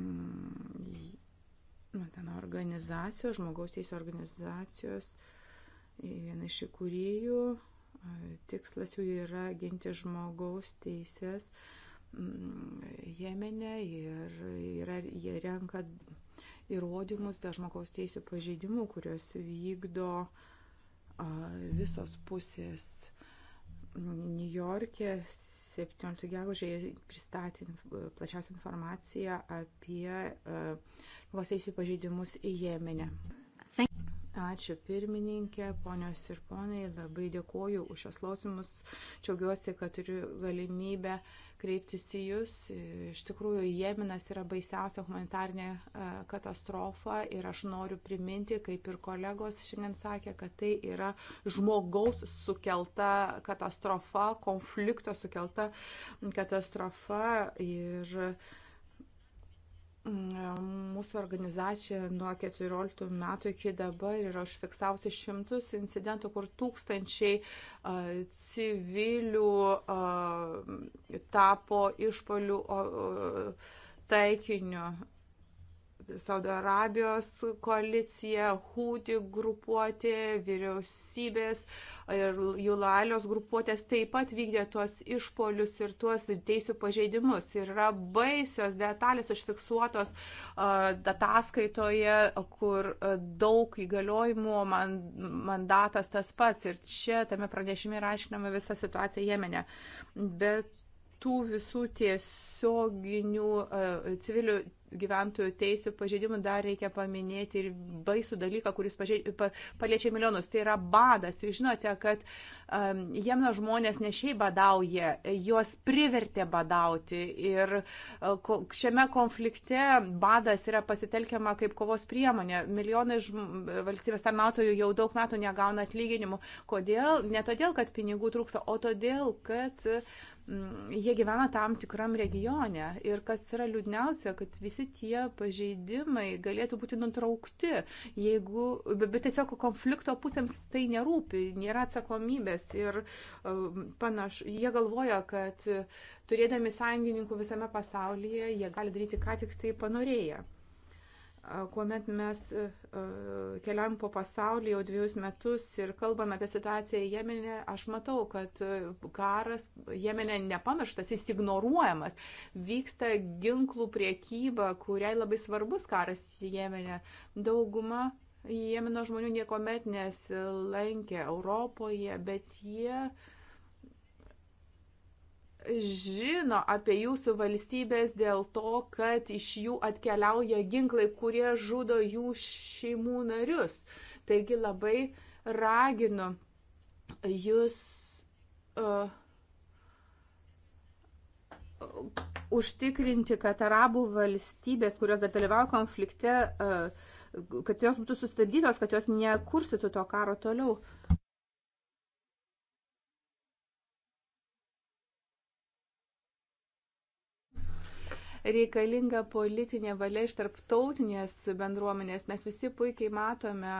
mm, nu, ten organizacijos, žmogaus teisų organizacijos, viena iš įkūrėjų. Tikslas jų yra ginti žmogaus teisės. Uh, Mm, Jemenė ir yra, jie renka įrodymus dėl žmogaus teisų pažeidimų, kurios vykdo visos pusės. New York'e 17 gegužėje pristatė plačiausią informaciją apie žmogaus teisų pažeidimus į Jemenę. Ačiū pirmininkė, ponios ir ponai, labai dėkoju už šios klausimus. Čiaugiuosi, kad turiu galimybę kreiptis į Jūs. Iš tikrųjų, Jeminas yra baisiausia humanitarnė e, katastrofa ir aš noriu priminti, kaip ir kolegos šiandien sakė, kad tai yra žmogaus sukelta katastrofa, konflikto sukelta katastrofa. Ir Mūsų organizacija nuo 14 metų iki dabar yra užfiksavusi šimtus incidentų, kur tūkstančiai civilių tapo išpolių taikiniu Saudo Arabijos koalicija, Hūti grupuotė, vyriausybės ir Julalios grupuotės taip pat vykdė tuos išpolius ir tuos teisų pažeidimus. Ir yra baisios detalės užfiksuotos ataskaitoje, kur daug įgaliojimų, man, mandatas tas pats. Ir čia tame pranešime yra aiškinama visa situacija Jemenė. Bet tų visų tiesioginių uh, civilių gyventojų teisų pažeidimų dar reikia paminėti ir baisų dalyką, kuris pažeid, pa, paliečia milijonus. Tai yra badas. Jūs žinote, kad um, jemno žmonės ne šiaip badauja, juos privertė badauti. Ir uh, šiame konflikte badas yra pasitelkiama kaip kovos priemonė. Milijonai žm, valstybės tarnautojų jau daug metų negauna atlyginimų. Kodėl? Ne todėl, kad pinigų trūksta, o todėl, kad uh, Mm, jie gyvena tam tikram regione. Ir kas yra liūdniausia, kad visi tie pažeidimai galėtų būti nutraukti, jeigu, bet tiesiog konflikto pusėms tai nerūpi, nėra atsakomybės. Ir um, panašu, jie galvoja, kad turėdami sąjungininkų visame pasaulyje, jie gali daryti ką tik tai panorėję kuomet mes keliam po pasaulį jau dviejus metus ir kalbam apie situaciją Jemenė, aš matau, kad karas Jemenė nepamirštas, jis ignoruojamas. Vyksta ginklų priekyba, kuriai labai svarbus karas Jemenė. Dauguma Jemeno žmonių niekuomet nesilankė Europoje, bet jie uh, žino apie jūsų valstybės dėl to, kad iš jų atkeliauja ginklai, kurie žudo jų šeimų narius. Taigi labai raginu jūs uh, užtikrinti, kad arabų valstybės, kurios dar dalyvauja konflikte, uh, kad jos būtų sustabdytos, kad jos nekurstytų to karo toliau. reikalinga politinė valia iš tarptautinės bendruomenės. Mes visi puikiai matome,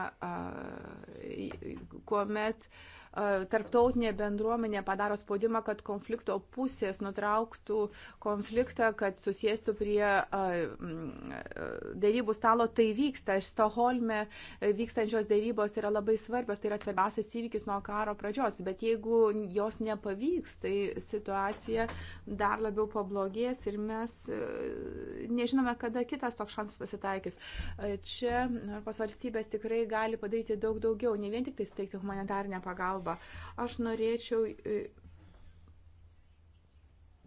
kuomet uh, tarptautinė bendruomenė padaro spaudimą, kad konflikto pusės nutrauktų konfliktą, kad susėstų prie dėrybų stalo, tai vyksta. Stoholme vykstančios dėrybos yra labai svarbios, tai yra svarbiausias įvykis nuo karo pradžios, bet jeigu jos nepavyks, tai situacija dar labiau pablogės ir mes nežinome, kada kitas toks šansas pasitaikys. Čia Europos valstybės tikrai gali padaryti daug daugiau, ne vien tik tai suteikti humanitarinę pagalbą pagalba. Aš norėčiau e,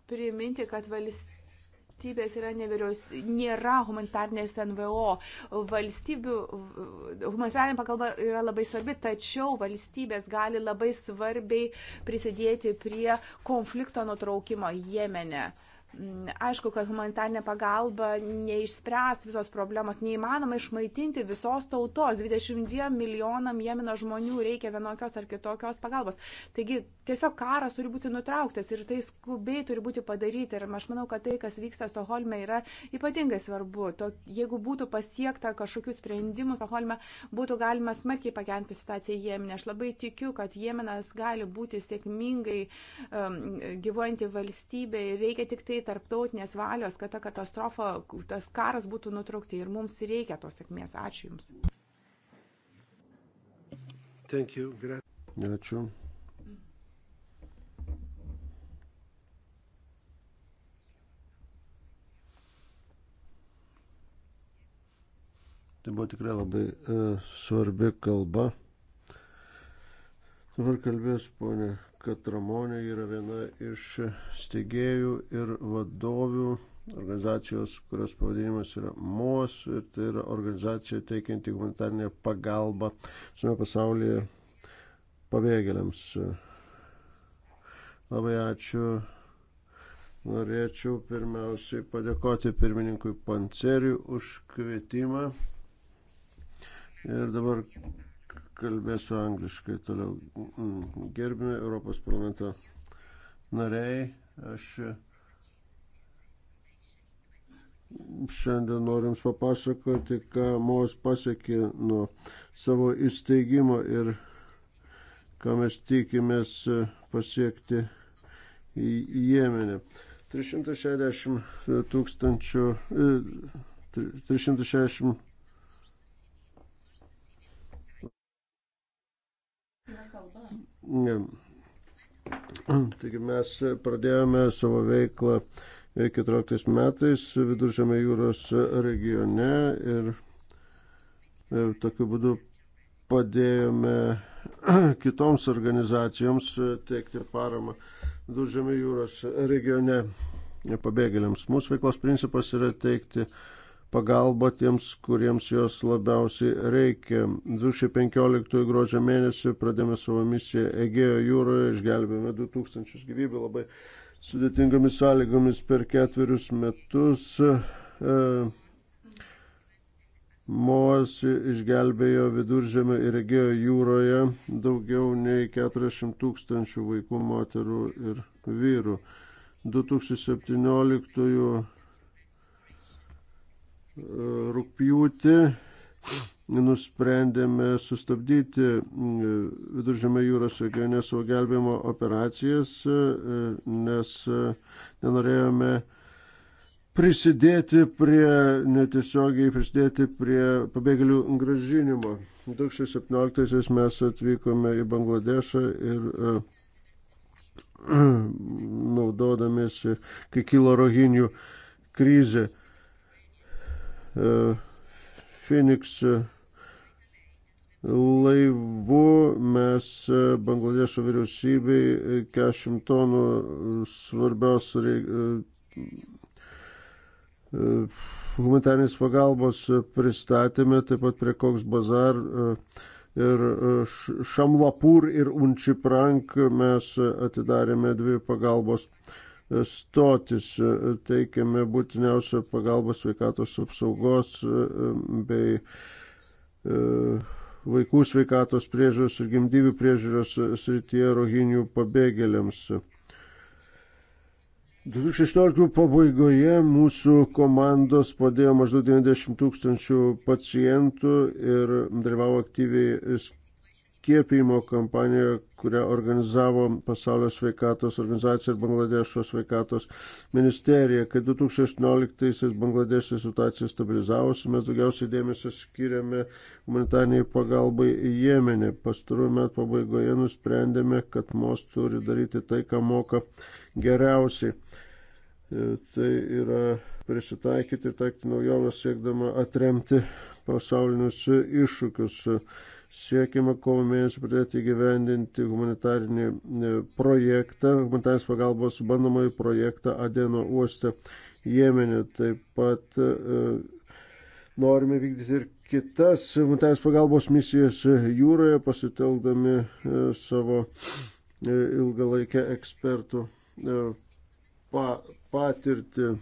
priminti, kad valstybė valstybės yra nevyriaus, nėra humanitarnės NVO. Valstybių, humanitarinė pagalba yra labai svarbi, tačiau valstybės gali labai svarbiai prisidėti prie konflikto nutraukimo Jemene. Uh, Mm, aišku, kad humanitarinė pagalba neišspręs visos problemos, neįmanoma išmaitinti visos tautos, 22 milijonam Jemeno žmonių reikia vienokios ar kitokios pagalbos. Taigi, Tiesiog karas turi būti nutrauktas ir tai skubiai turi būti padaryti. Ir aš manau, kad tai, kas vyksta Stoholme, yra ypatingai svarbu. To, jeigu būtų pasiekta kažkokių sprendimų Stoholme, būtų galima smarkiai pagerinti situaciją Jemenė. Aš labai tikiu, kad Jemenas gali būti sėkmingai um, gyvuojanti valstybė ir reikia tik tai tarptautinės valios, kad ta katastrofa, tas karas būtų nutraukti. Ir mums reikia tos sėkmės. Ačiū Jums. Ačiū. Tai buvo tikrai labai e, svarbi kalba. Dabar kalbės ponė Katramonė, yra viena iš steigėjų ir vadovių organizacijos, kurios pavadinimas yra MOS ir tai yra organizacija teikianti humanitarnę pagalbą visame pasaulyje pabėgėliams. Labai ačiū. Norėčiau pirmiausiai padėkoti pirmininkui Panceriui už kvietimą Ir dabar kalbėsiu angliškai toliau. Mm, Gerbime Europos parlamento nariai, aš šiandien noriu Jums papasakoti, ką MOS pasiekė nuo savo įsteigimo ir ką mes tikimės pasiekti į Jemenę. 360 tūkstančių, 360 e, Taigi mes pradėjome savo veiklą 14 metais Viduržėme jūros regione ir e, tokiu būdu padėjome kitoms organizacijoms teikti paramą Viduržėme jūros regione pabėgėliams. Mūsų veiklos principas yra teikti pagalba tiems, kuriems jos labiausiai reikia. 2015 gruodžio mėnesį pradėjome savo misiją Egėjo jūroje, išgelbėjome 2000 gyvybių labai sudėtingomis sąlygomis per ketverius metus. E, Moas išgelbėjo viduržėme ir Egėjo jūroje daugiau nei 40 tūkstančių vaikų, moterų ir vyrų. 2017 rūpjūtį nusprendėme sustabdyti e, Viduržėme jūros regione savo gelbėjimo operacijas, e, nes e, nenorėjome prisidėti prie, netiesiogiai prisidėti prie pabėgėlių gražinimo. 2017 mes atvykome į Bangladešą ir e, naudodamėsi, kai kilo rohinių krizė. E, E, Phoenix laivu mes e, Bangladešo vyriausybei 40 e, tonų svarbios humanitarnės pagalbos pristatėme, taip pat prie Koks bazar ir Šamlapur ir Unčiprank mes atidarėme dvi pagalbos stotis. E, teikiame būtiniausią pagalbą sveikatos apsaugos e, e, bei vaikų sveikatos priežiūros ir gimdybių priežiūros srityje rohinių pabėgėliams. 2016 pabaigoje mūsų komandos padėjo maždaug 90 tūkstančių pacientų ir dalyvavo aktyviai skiepijimo kampanijoje, kurią organizavo Pasaulio sveikatos organizacija ir Bangladešo sveikatos ministerija. Kai 2018-aisiais Bangladešo situacija stabilizavosi, mes daugiausiai dėmesio skiriame humanitarniai pagalbai Jemenė. Pastarųjų metų pabaigoje nusprendėme, kad MOS turi daryti tai, ką moka geriausiai. E, tai yra prisitaikyti ir taikyti naujoves siekdama atremti pasaulinius iššūkius. Siekime kovo mėnesį pradėti gyvendinti humanitarinį e, projektą, humanitarinės pagalbos bandomąjį projektą Adeno uoste Jemenė. Taip pat e, norime vykdyti ir kitas humanitarinės pagalbos misijas jūroje, pasitelkdami e, savo ilgalaikę ekspertų patirtį.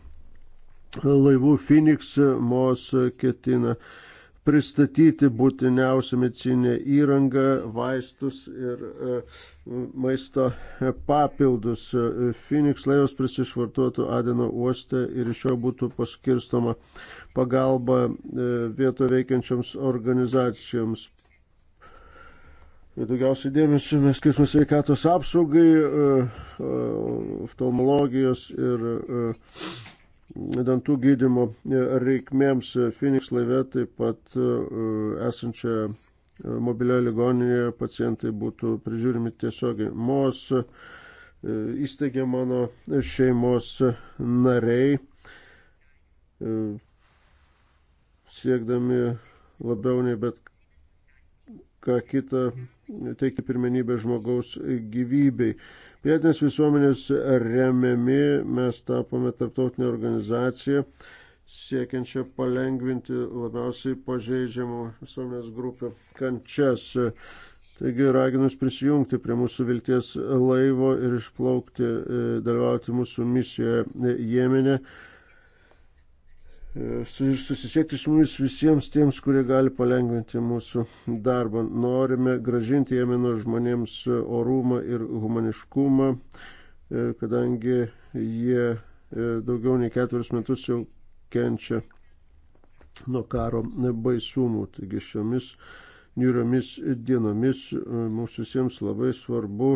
Laivų Phoenix Mos ketina pristatyti būtiniausią medicinę įrangą, vaistus ir e, maisto papildus. Phoenix laivas prisišvartuotų Adeno uoste ir iš jo būtų paskirstoma pagalba e, vieto veikiančioms organizacijoms. Daugiausiai dėmesio mes skirsime sveikatos apsaugai, e, oftalmologijos ir uh, dantų gydimo reikmėms Phoenix laive, taip pat e, esančioje mobilioje ligoninėje pacientai būtų prižiūrimi tiesiogiai. MOS e, įsteigė mano šeimos nariai, e, siekdami labiau nei bet ką kitą teikti pirmenybę žmogaus gyvybei. Vietinės visuomenės remiami mes tapome tarptautinę organizaciją siekiančią palengvinti labiausiai pažeidžiamų visuomenės grupių kančias. Taigi raginus prisijungti prie mūsų vilties laivo ir išplaukti, e, dalyvauti mūsų misijoje Jemenė ir susisiekti su mumis visiems tiems, kurie gali palengventi mūsų darbą. Norime gražinti Jemeno žmonėms orumą ir humaniškumą, e, kadangi jie e, daugiau nei ketverius metus jau kenčia nuo karo baisumų. Taigi šiomis niūriomis dienomis e, mums visiems labai svarbu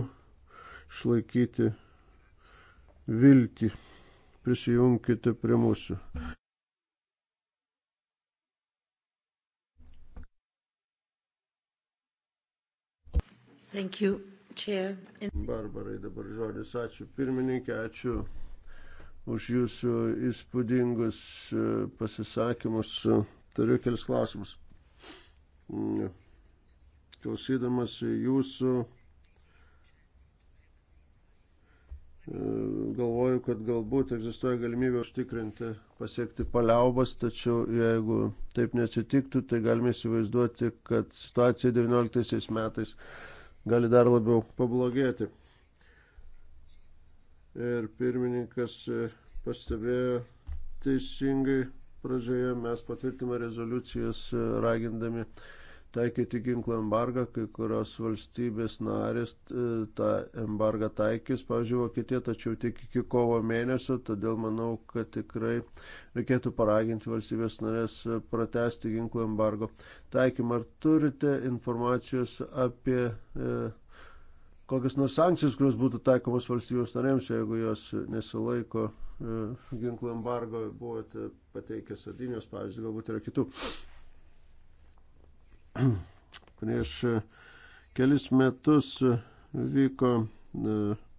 išlaikyti viltį. Prisijunkite prie mūsų. Thank you, Chair. Barbarai dabar žodis. Ačiū pirmininkė, ačiū už jūsų įspūdingus e, pasisakymus. E, turiu kelis klausimus. Mm, klausydamas jūsų, e, galvoju, kad galbūt egzistuoja galimybė užtikrinti, pasiekti paliaubas, tačiau jeigu taip nesitiktų, tai galime įsivaizduoti, kad situacija 19 metais gali dar labiau pablogėti. Ir pirmininkas pastebėjo teisingai pradžioje, mes patvirtime rezoliucijas ragindami taikyti ginklų embargą, kai kurios valstybės narės e, tą embargą taikys, pavyzdžiui, Vokietija, tačiau tik iki kovo mėnesio, todėl manau, kad tikrai reikėtų paraginti valstybės narės pratesti ginklų embargo taikymą. Ar turite informacijos apie e, kokias nors sankcijas, kurios būtų taikomos valstybės narėms, jeigu jos nesilaiko e, ginklų embargo, buvote pateikę Sardinijos pavyzdį, galbūt yra kitų. Prieš e, kelis metus e, vyko e,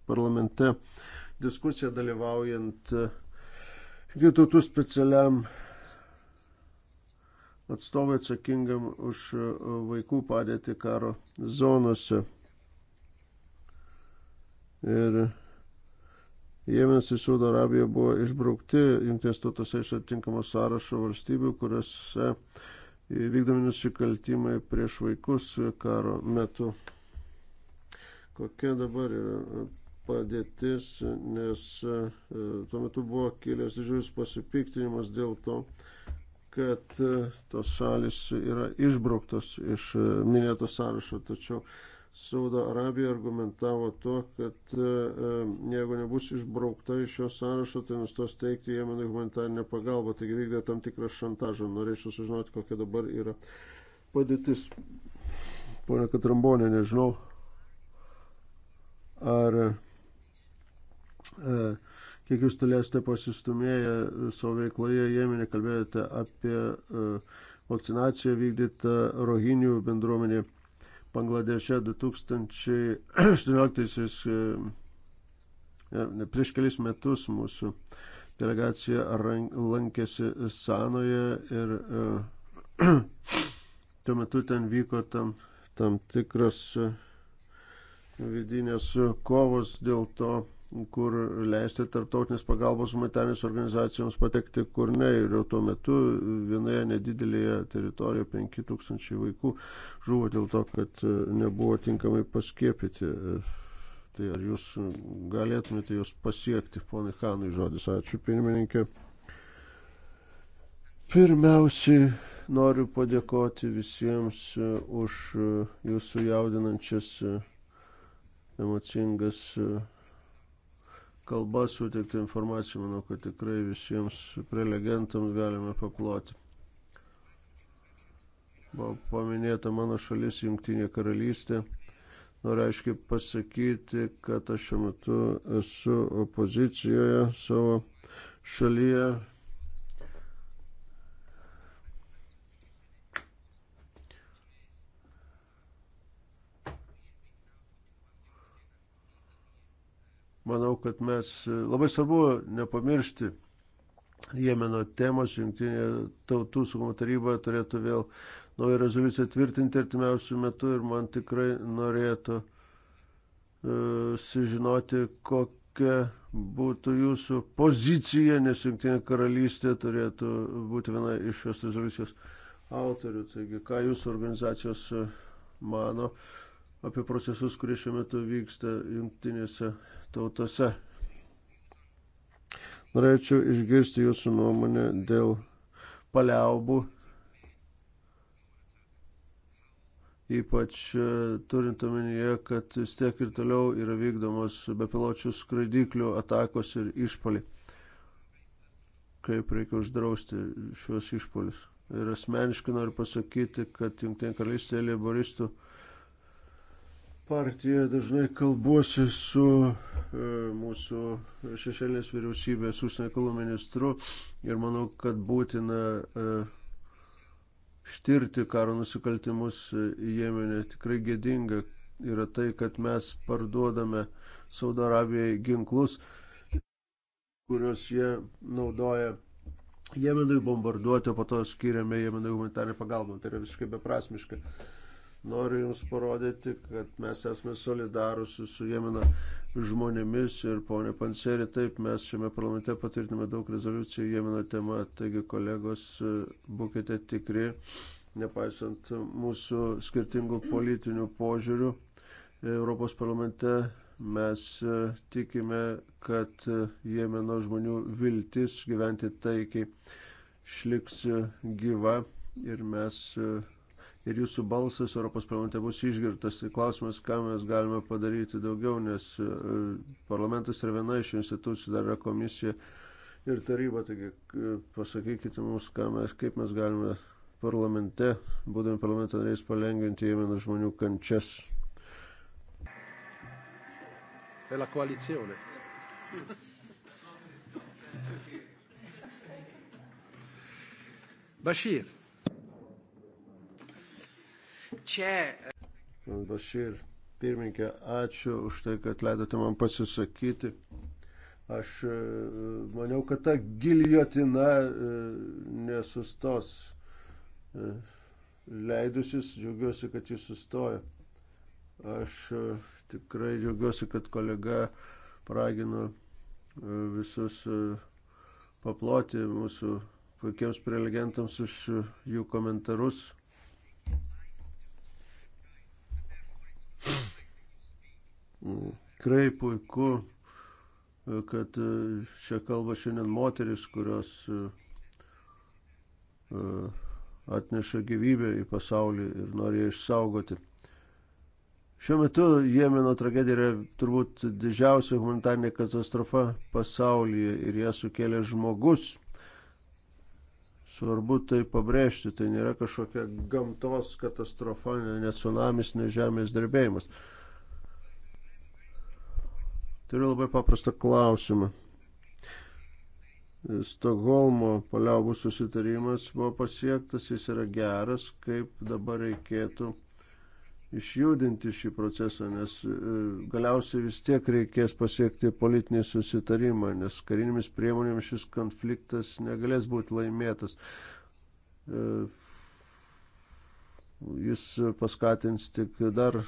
parlamente diskusija dalyvaujant Junktinių tautų specialiam atstovai atsakingam už vaikų padėtį karo zonose. Ir Jemenas ir Saudo Arabija buvo išbraukti jungtinės tautose iš atitinkamo sąrašo valstybių, kuriuose vykdomi nusikaltimai prieš vaikus karo metu. Kokia dabar yra padėtis, nes e, tuo metu buvo kilęs didžiulis pasipiktinimas dėl to, kad e, tos šalis yra išbrauktos iš e, minėto sąrašo, tačiau Saudo Arabija argumentavo tuo, kad e, e, jeigu nebus išbraukta iš šio sąrašo, tai nustos teikti Jemenui humanitarinę pagalbą, taigi vykdė tam tikrą šantažą. Norėčiau sužinoti, kokia dabar yra padėtis. Pone Katrambonė, nežinau, ar e, kiek jūs tolėsite pasistumėję savo veikloje, Jemenė kalbėjote apie vakcinaciją vykdytą Rohinių bendruomenėje Bangladeše 2018 e, prieš kelis metus mūsų delegacija lankėsi Sanoje ir e, tuo metu ten vyko tam, tam tikras e, vidinės kovos dėl to, kur leisti tarptautinės pagalbos humanitarnės organizacijoms patekti, kur ne. Ir jau tuo metu vienoje nedidelėje teritorijoje 5000 vaikų žuvo dėl to, kad e, nebuvo tinkamai paskiepyti. E, tai ar jūs galėtumėte juos pasiekti, ponai Hanui žodis? Ačiū, pirmininkė. Pirmiausiai noriu padėkoti visiems e, už jūsų jaudinančias emocingas kalba suteiktą informaciją. Manau, kad tikrai visiems prelegentams galime paploti. Buvo paminėta mano šalis, Junktinė karalystė. Noriu aiškiai pasakyti, kad aš šiuo metu esu opozicijoje savo šalyje Manau, kad mes e, labai svarbu nepamiršti Jemeno temos, jungtinė tautų saugumo taryba turėtų vėl naują rezoliuciją tvirtinti artimiausių metų ir man tikrai norėtų uh, sužinoti, kokia būtų jūsų pozicija, nes jungtinė karalystė turėtų būti viena iš šios rezoliucijos autorių. Taigi, ką jūsų organizacijos e, mano apie procesus, kurie šiuo metu vyksta jungtinėse tautose. Norėčiau išgirsti jūsų nuomonę dėl paliaubų, ypač e, turint omenyje, kad vis tiek ir toliau yra vykdomos bepiločių skraidyklių atakos ir išpaliai. Kaip reikia uždrausti šiuos išpolius. Ir asmeniškai noriu pasakyti, kad Junktinė karalystė leiboristų partijoje dažnai kalbuosi su e, mūsų šešėlės vyriausybės užsienio reikalų ministru ir manau, kad būtina e, štirti karo nusikaltimus e, Jemenė. Tikrai gėdinga yra tai, kad mes parduodame Saudo Arabijai ginklus, kuriuos jie naudoja Jemenui bombarduoti, o po to skiriame Jemenui humanitarinę pagalbą. Tai yra visiškai beprasmiška. Noriu Jums parodyti, kad mes esame solidarūs su Jemeno žmonėmis ir ponė Panseri, taip mes šiame parlamente patvirtiname daug rezoliucijų Jemeno tema, taigi kolegos, būkite tikri, nepaisant mūsų skirtingų politinių požiūrių, Europos parlamente mes e, tikime, kad Jemeno žmonių viltis gyventi taikiai išliks gyva ir mes e, ir jūsų balsas Europos parlamente bus išgirtas. Tai klausimas, ką mes galime padaryti daugiau, nes e, parlamentas yra viena iš institucijų, dar yra komisija ir taryba, taigi e, pasakykite mums, mes, kaip mes galime parlamente, būdami parlamento nariais, palengvinti Jemeno žmonių kančias. Della coalizione. Bashir. Bashir, pirmininkė, ačiū už tai, kad leidote man pasisakyti. Aš e, maniau, kad ta giljotina e, nesustos. E, leidusis, džiaugiuosi, kad jis sustojo. Aš tikrai džiaugiuosi, kad kolega paragino visus paploti mūsų puikiems prelegentams už jų komentarus. Tikrai puiku, kad čia e, kalba šiandien moteris, kurios e, e, atneša gyvybę į pasaulį ir nori ją išsaugoti. Šiuo metu Jemeno tragedija yra turbūt didžiausia humanitarinė katastrofa pasaulyje ir ją sukėlė žmogus. Svarbu tai pabrėžti, tai nėra kažkokia gamtos katastrofa, ne tsunamis, ne žemės drebėjimas. Turiu tai labai paprastą klausimą. Stokholmo paliaubų susitarimas buvo pasiektas, jis yra geras, kaip dabar reikėtų išjudinti šį procesą, nes e, galiausiai vis tiek reikės pasiekti politinį susitarimą, nes karinėmis priemonėmis šis konfliktas negalės būti laimėtas. E, jis paskatins tik dar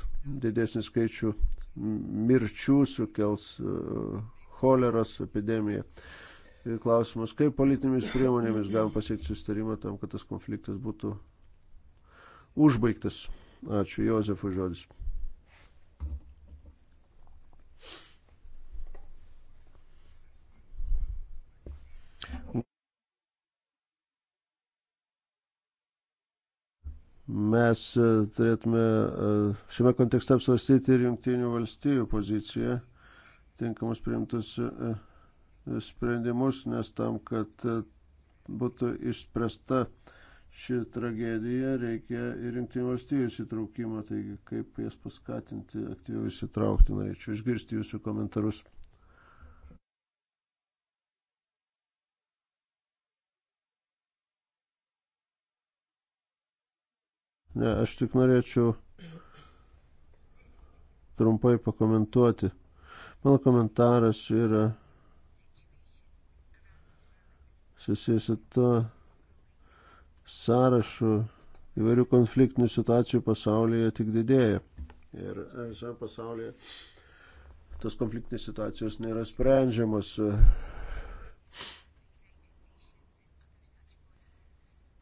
didesnį skaičių mirčių, sukels uh, choleros epidemiją. Ir klausimas, kaip politinėmis priemonėmis galima pasiekti sustarimą tam, kad tas konfliktas būtų užbaigtas. Ačiū Jozefui žodis. mes e, turėtume e, šiame kontekste apsvarstyti ir jungtinių valstybių poziciją, tinkamus priimtus e, sprendimus, nes tam, kad būtų išspręsta ši tragedija, reikia ir jungtinių valstybių įsitraukimo. Taigi, kaip jas paskatinti, aktyviau įsitraukti, norėčiau išgirsti jūsų komentarus. Ne, aš tik norėčiau trumpai pakomentuoti. Mano komentaras yra susijęs su to sąrašu įvairių konfliktinių situacijų pasaulyje tik didėja. Ir e, visame pasaulyje tos konfliktinės situacijos nėra sprendžiamos.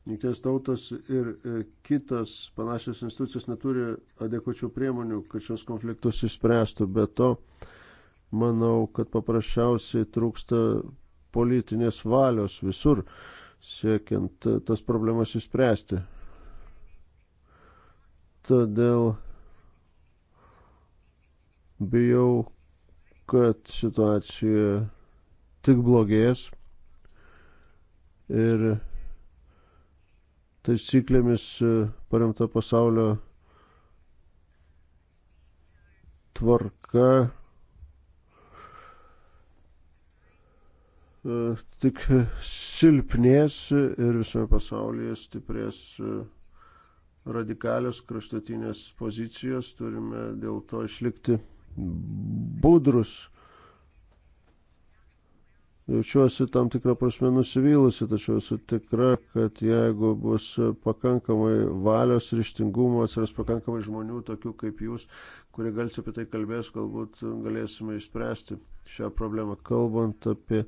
Jungtinės tautos ir e, kitos panašios institucijos neturi adekvačių priemonių, kad šios konfliktus išspręstų. Be to, manau, kad paprasčiausiai trūksta politinės valios visur, siekiant e, tas problemas išspręsti. Todėl bijau, kad situacija tik blogės ir taisyklėmis e, paremta pasaulio tvarka e, tik silpnės ir visame pasaulyje stiprės e, radikalios kraštutinės pozicijos, turime dėl to išlikti budrus jaučiuosi tam tikrą prasme nusivylusi, tačiau esu tikra, kad jeigu bus pakankamai valios, ryštingumo, atsiras pakankamai žmonių, tokių kaip jūs, kurie gal apie tai kalbės, galbūt galėsime išspręsti šią problemą. Kalbant apie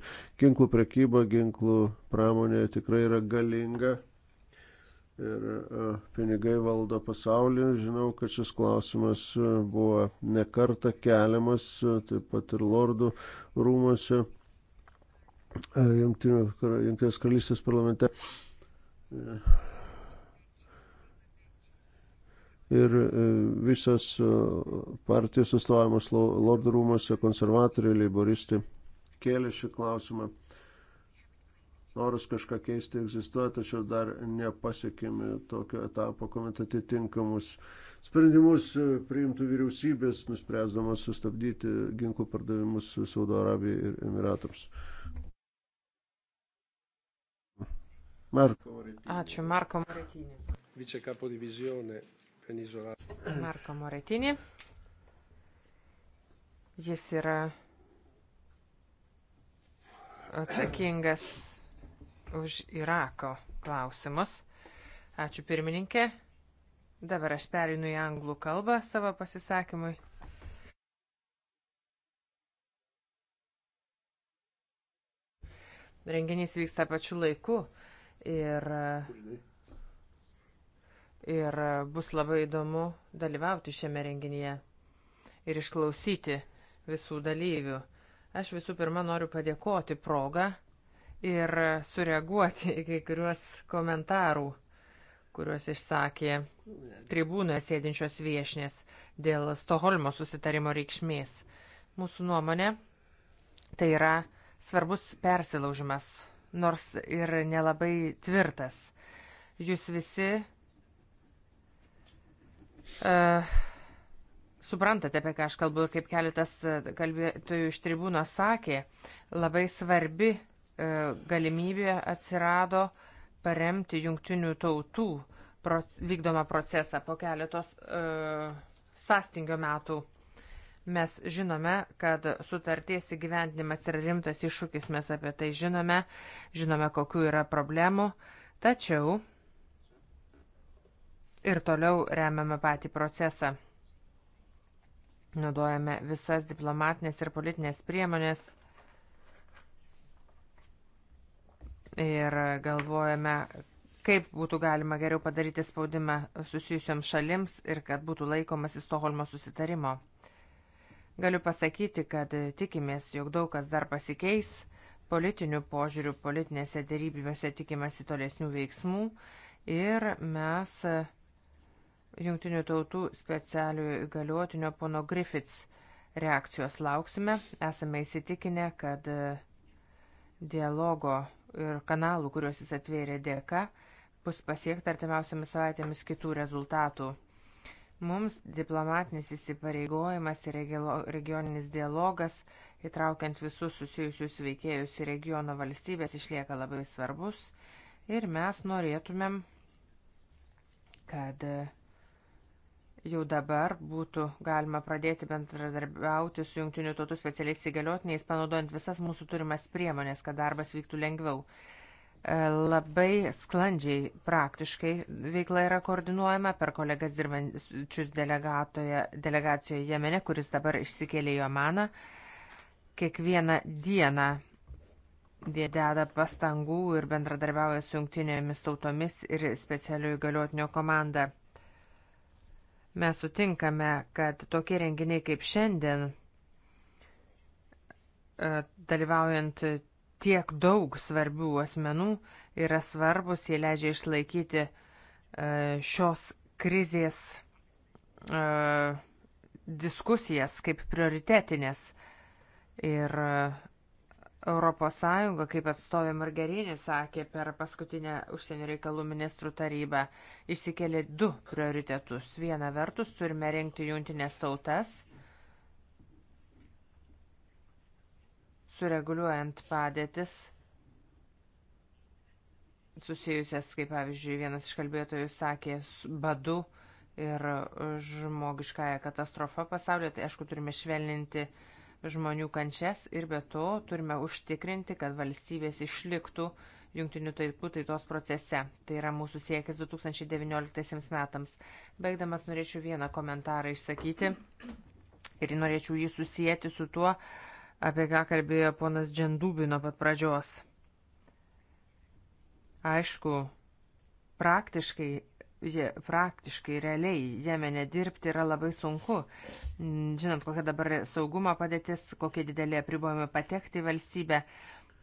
ginklų prekybą, ginklų pramonė tikrai yra galinga. Ir e, pinigai valdo pasaulį. Žinau, kad šis klausimas e, buvo nekarta keliamas, e, taip pat ir lordų rūmose E, Junktinės karalystės parlamente. Ir e, visas e, partijos atstovavimas Lordų rūmose, konservatoriai, leiboristai kėlė šį klausimą. Noras kažką keisti egzistuoja, tačiau dar nepasiekėme tokio etapo, kuomet atitinkamus sprendimus priimtų vyriausybės, nuspręsdamas sustabdyti ginklų pardavimus Saudo Arabijai ir Emiratams. Marco Moretini. Ačiū, Marko Moretini. Vice kapodivizione Penisola. Marko Moretini. Jis yra atsakingas už Irako klausimus. Ačiū pirmininkė. Dabar aš perinu į anglų kalbą savo pasisakymui. Renginys vyksta pačiu laiku ir, ir bus labai įdomu dalyvauti šiame renginyje ir išklausyti visų dalyvių. Aš visų pirma noriu padėkoti progą ir sureaguoti į kai kuriuos komentarų, kuriuos išsakė tribūnoje sėdinčios viešnės dėl Stoholmo susitarimo reikšmės. Mūsų nuomonė tai yra svarbus persilaužimas nors ir nelabai tvirtas. Jūs visi uh, suprantate, apie ką aš kalbu ir kaip keletas e, kalbėtojų iš tribūno sakė, labai svarbi uh, galimybė atsirado paremti jungtinių tautų proc vykdomą procesą po keletos uh, sąstingio metų Mes žinome, kad sutarties įgyvendinimas yra rimtas iššūkis, mes apie tai žinome, žinome, kokiu yra problemų, tačiau ir toliau remiame patį procesą. Naudojame visas diplomatinės ir politinės priemonės ir galvojame, kaip būtų galima geriau padaryti spaudimą susijusiams šalims ir kad būtų laikomasi Stoholmo susitarimo. Galiu pasakyti, kad e, tikimės, jog daug kas dar pasikeis. Politinių požiūrių politinėse dėrybiniuose tikimasi tolesnių veiksmų ir mes e, Junktinių tautų specialiųjų įgaliotinio pono Griffiths reakcijos lauksime. Esame įsitikinę, kad e, dialogo ir kanalų, kuriuos jis atvėrė dėka, bus pasiekta artimiausiamis savaitėmis kitų rezultatų. Mums diplomatinis įsipareigojimas ir regioninis dialogas, įtraukiant visus susijusius veikėjus į regiono valstybės, išlieka labai svarbus ir mes norėtumėm, kad e, jau dabar būtų galima pradėti bendradarbiauti su jungtinių tautų specialiais įgaliotiniais, panaudojant visas mūsų turimas priemonės, kad darbas vyktų lengviau. E, labai sklandžiai praktiškai veikla yra koordinuojama per kolegas dirbančius delegacijoje Jemene, kuris dabar išsikėlė į Omaną. Kiekvieną dieną jie deda pastangų ir bendradarbiauja su jungtinėmis tautomis ir specialiųjų galiotinio komanda. Mes sutinkame, kad tokie renginiai kaip šiandien, e, dalyvaujant tiek daug svarbių asmenų yra svarbus, jie leidžia išlaikyti e, šios krizės e, diskusijas kaip prioritetinės. Ir ES, kaip atstovė Margerinė sakė per paskutinę užsienio reikalų ministrų tarybą, išsikėlė du prioritetus. Viena vertus turime renkti jungtinės tautas sureguliuojant padėtis susijusias, kaip pavyzdžiui, vienas iš kalbėtojų sakė, badu ir žmogiškąją katastrofą pasaulyje, tai aišku, turime švelninti žmonių kančias ir be to turime užtikrinti, kad valstybės išliktų jungtinių tautų taitos procese. Tai yra mūsų siekis 2019 metams. Baigdamas norėčiau vieną komentarą išsakyti ir norėčiau jį susijęti su tuo, uh, apie ką kalbėjo ponas Džendubi nuo pat pradžios. Aišku, praktiškai Je, praktiškai, realiai Jemene dirbti yra labai sunku. Žinant, kokia dabar saugumo padėtis, kokie dideli apribojimai patekti į valstybę.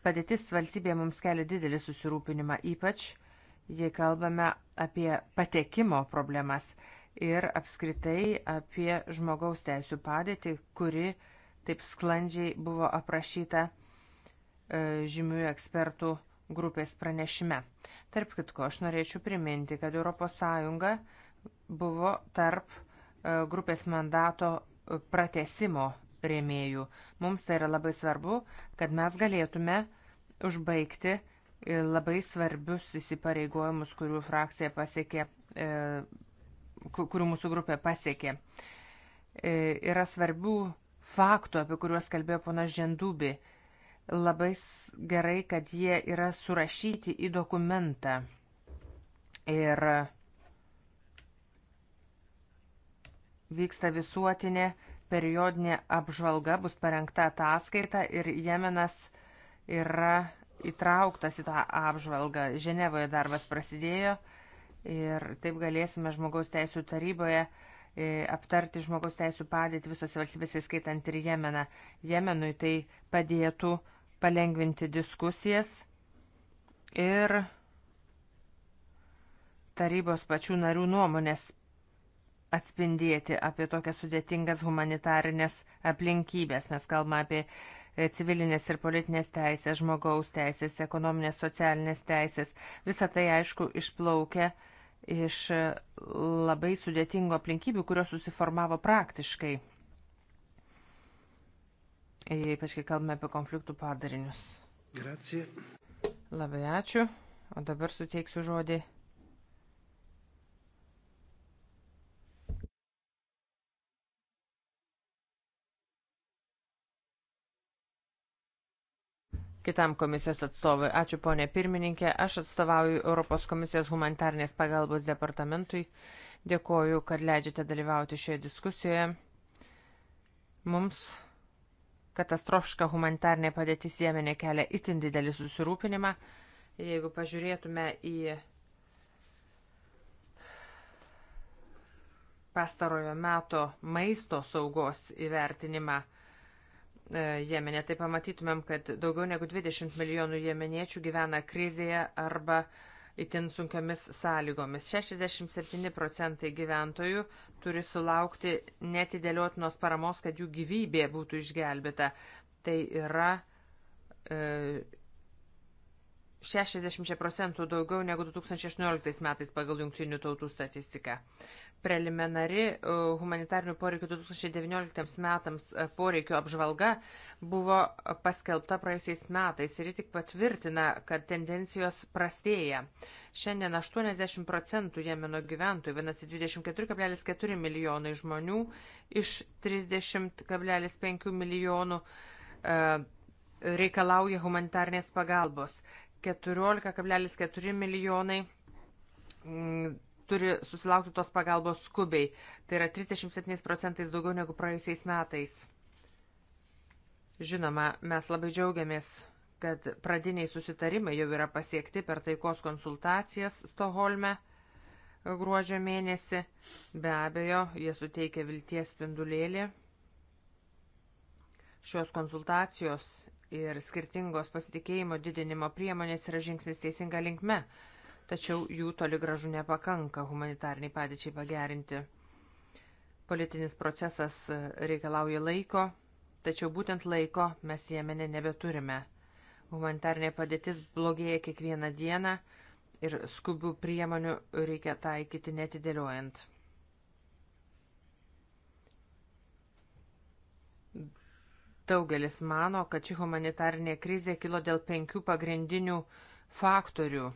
Padėtis valstybėje mums kelia didelį susirūpinimą, ypač jei kalbame apie patekimo problemas ir apskritai apie žmogaus teisų padėtį, kuri uh, taip sklandžiai buvo aprašyta e, žymių ekspertų grupės pranešime. Tarp kitko, aš norėčiau priminti, kad ES buvo tarp e, grupės mandato e, pratesimo rėmėjų. Mums tai yra labai svarbu, kad mes galėtume užbaigti labai svarbius įsipareigojimus, kurių frakcija pasiekė, kurių mūsų grupė pasiekė. Yra svarbių faktų, apie kuriuos kalbėjo ponas Žendubė. Labai gerai, kad jie yra surašyti į dokumentą. Ir vyksta visuotinė periodinė apžvalga, bus parengta ataskaita ir Jemenas yra įtrauktas į tą apžvalgą. Ženevoje darbas prasidėjo ir taip galėsime žmogaus teisų taryboje uh, E, aptarti žmogaus teisų padėtį visose valstybėse, skaitant ir Jemeną. Jemenui tai padėtų palengvinti diskusijas ir tarybos pačių narių nuomonės atspindėti apie tokias sudėtingas humanitarinės aplinkybės. Mes kalbame apie e, civilinės ir politinės teisės, žmogaus teisės, ekonominės, socialinės teisės. Visą tai, aišku, išplaukia uh, iš labai sudėtingų aplinkybių, kurios susiformavo praktiškai. Ypač kai kalbame apie konfliktų padarinius. Gracija. Labai ačiū. O dabar suteiksiu žodį kitam komisijos atstovui. Ačiū, ponė pirmininkė. Aš atstovauju Europos komisijos humanitarnės pagalbos departamentui. Dėkoju, kad leidžiate dalyvauti šioje diskusijoje. Mums katastrofiška humanitarnė padėtis Jemenė kelia itin didelį susirūpinimą. Jeigu pažiūrėtume į pastarojo meto maisto saugos įvertinimą, E, Jemenė, tai pamatytumėm, kad daugiau negu 20 milijonų jemeniečių gyvena krizėje arba itin sunkiamis sąlygomis. 67 procentai gyventojų turi sulaukti netidėliotinos paramos, kad jų gyvybė būtų išgelbėta. Tai yra e, 60 procentų daugiau negu 2018 metais pagal Junktinių tautų statistiką. Preliminari e, humanitarnių poreikių 2019 metams e, poreikių apžvalga buvo paskelbta praėjusiais metais ir ji tik patvirtina, kad tendencijos prastėja. Šiandien 80 procentų Jemeno gyventojų, vienasi 24,4 milijonai žmonių iš 30,5 milijonų e, reikalauja humanitarnės pagalbos. 14,4 milijonai mm, turi susilaukti tos pagalbos skubiai. Tai yra 37 procentais daugiau negu praėjusiais metais. Žinoma, mes labai džiaugiamės, kad pradiniai susitarimai jau yra pasiekti per taikos konsultacijas Stoholme gruodžio mėnesį. Be abejo, jie suteikia vilties spindulėlį. Šios konsultacijos ir skirtingos pasitikėjimo didinimo priemonės yra žingsnis teisinga linkme, tačiau jų toli gražu nepakanka humanitarniai padėčiai pagerinti. Politinis procesas e, reikalauja laiko, tačiau būtent laiko mes Jemene nebeturime. Humanitarnė padėtis blogėja kiekvieną dieną ir skubių priemonių reikia taikyti netidėliojant. Daugelis mano, kad ši humanitarinė krizė kilo dėl penkių pagrindinių faktorių,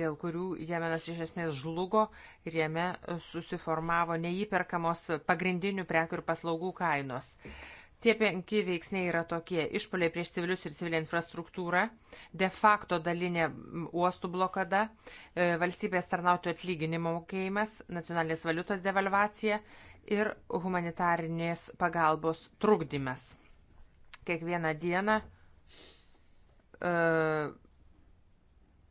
dėl kurių Jemenas iš esmės žlugo ir jame susiformavo neįperkamos pagrindinių prekių ir paslaugų kainos. Tie penki veiksniai yra tokie - išpoliai prieš civilius ir civilinę infrastruktūrą, de facto dalinė uostų blokada, e, valstybės tarnautojų atlyginimo mokėjimas, nacionalinės valiutos devalvacija ir humanitarinės pagalbos trukdymas kiekvieną dieną e,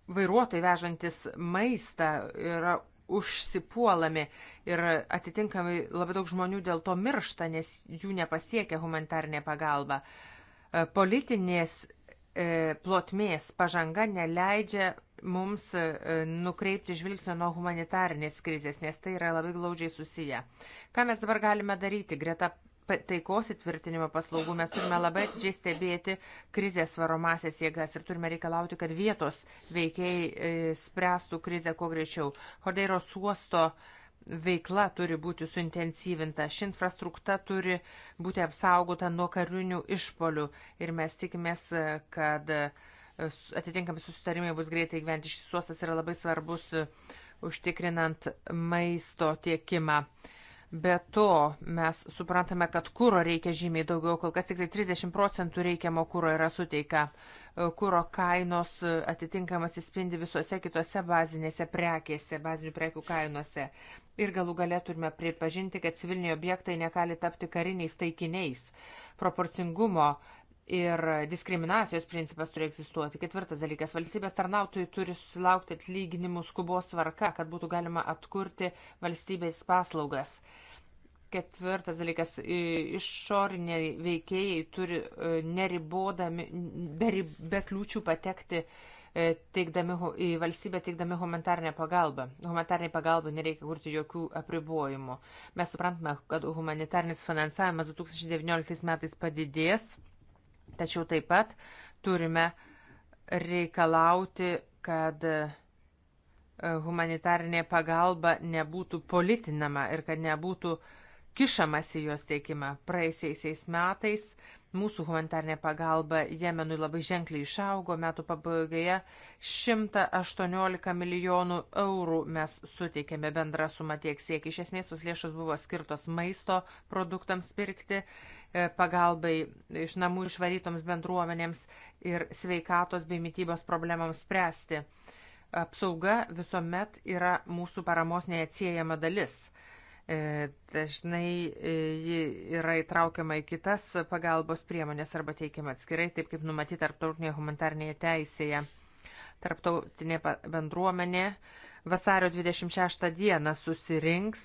vairuotojai vežantis maistą yra užsipuolami ir atitinkamai labai daug žmonių dėl to miršta, nes jų nepasiekia humanitarnė pagalba. E, politinės e, plotmės pažanga neleidžia mums e, nukreipti žvilgsnio nuo humanitarnės krizės, nes tai yra labai glaudžiai susiję. Ką mes dabar galime daryti greta taikos įtvirtinimo paslaugų mes turime labai atidžiai stebėti krizės varomasias jėgas ir turime reikalauti, kad vietos veikiai e, spręstų krizę kuo greičiau. Hodeiros uosto veikla turi būti suintensyvinta, ši infrastruktūra turi būti apsaugota nuo karinių išpolių ir mes tikimės, e, kad e, atitinkami susitarimai bus greitai gyventi. Šis uostas yra labai svarbus užtikrinant maisto tiekimą. Uh, Be to, mes suprantame, kad kūro reikia žymiai daugiau, kol kas tik tai 30 procentų reikiamo kūro yra suteika. E, kūro kainos e, atitinkamas įspindi visose kitose bazinėse prekėse, bazinių prekių kainose. Ir galų galę turime pripažinti, kad civiliniai objektai negali tapti kariniais taikiniais. Proporcingumo ir diskriminacijos principas turi egzistuoti. Ketvirtas dalykas - valstybės tarnautojai turi susilaukti atlyginimų skubos tvarka, kad būtų galima atkurti valstybės paslaugas. Ketvirtas dalykas - išoriniai veikėjai turi e, neribodami, be, be kliūčių patekti e, teikdami, į valstybę teikdami humanitarnę pagalbą. Humanitarniai pagalbai nereikia kurti jokių apribojimų. Mes suprantame, kad humanitarnis finansavimas 2019 metais padidės Tačiau taip pat turime reikalauti, kad e, humanitarinė pagalba nebūtų politinama ir kad nebūtų uh, kišamas į jos teikimą. Praėjusiais metais mūsų humanitarnė pagalba Jemenui labai ženkliai išaugo. Metų pabaigoje 118 milijonų eurų mes suteikėme bendrą sumą tiek siekį. Iš esmės tos lėšos buvo skirtos maisto produktams pirkti, e, pagalbai iš namų išvarytoms bendruomenėms ir sveikatos bei mytybos problemams spręsti. Apsauga visuomet yra mūsų paramos neatsiejama dalis E, dažnai e, ji yra įtraukiama į kitas pagalbos priemonės arba teikiama atskirai, taip kaip numatyta tarptautinėje humanitarnėje teisėje. Tarptautinė bendruomenė vasario 26 dieną susirinks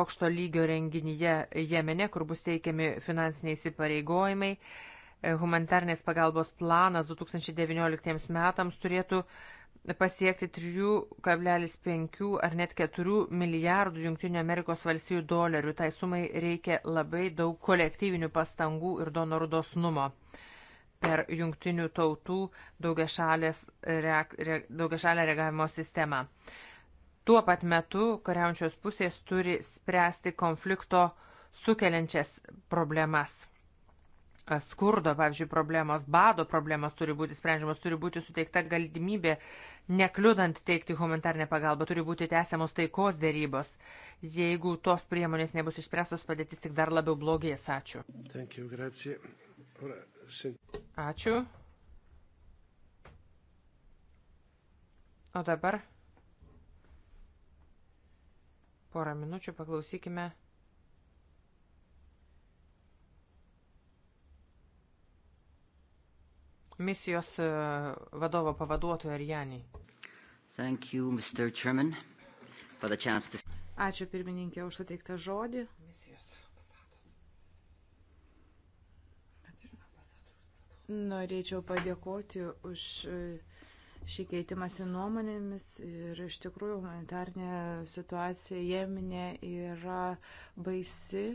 aukšto lygio renginyje Jemene, kur bus teikiami finansiniai įsipareigojimai. E, humanitarnės pagalbos planas 2019 metams turėtų pasiekti 3,5 ar net 4 milijardų Junktinių Amerikos valstybių dolerių. Tai sumai reikia labai daug kolektyvinių pastangų ir donorų dosnumo per Junktinių tautų daugiašalę reagavimo sistemą. Tuo pat metu kariaujančios pusės turi spręsti konflikto sukeliančias problemas skurdo, pavyzdžiui, problemos, bado problemos turi būti sprendžiamas, turi būti suteikta galimybė, nekliudant teikti humanitarnę pagalbą, turi būti tęsiamos taikos dėrybos. Jeigu tos priemonės nebus išspręstos, padėtis tik dar labiau blogės. Ačiū. You, Ačiū. O dabar porą minučių paklausykime. misijos e, vadovo pavaduotoja Arjanį. Ačiū pirmininkė už suteiktą žodį. Norėčiau padėkoti už e, šį keitimąsi nuomonėmis ir iš tikrųjų humanitarnė situacija Jeminė yra baisi.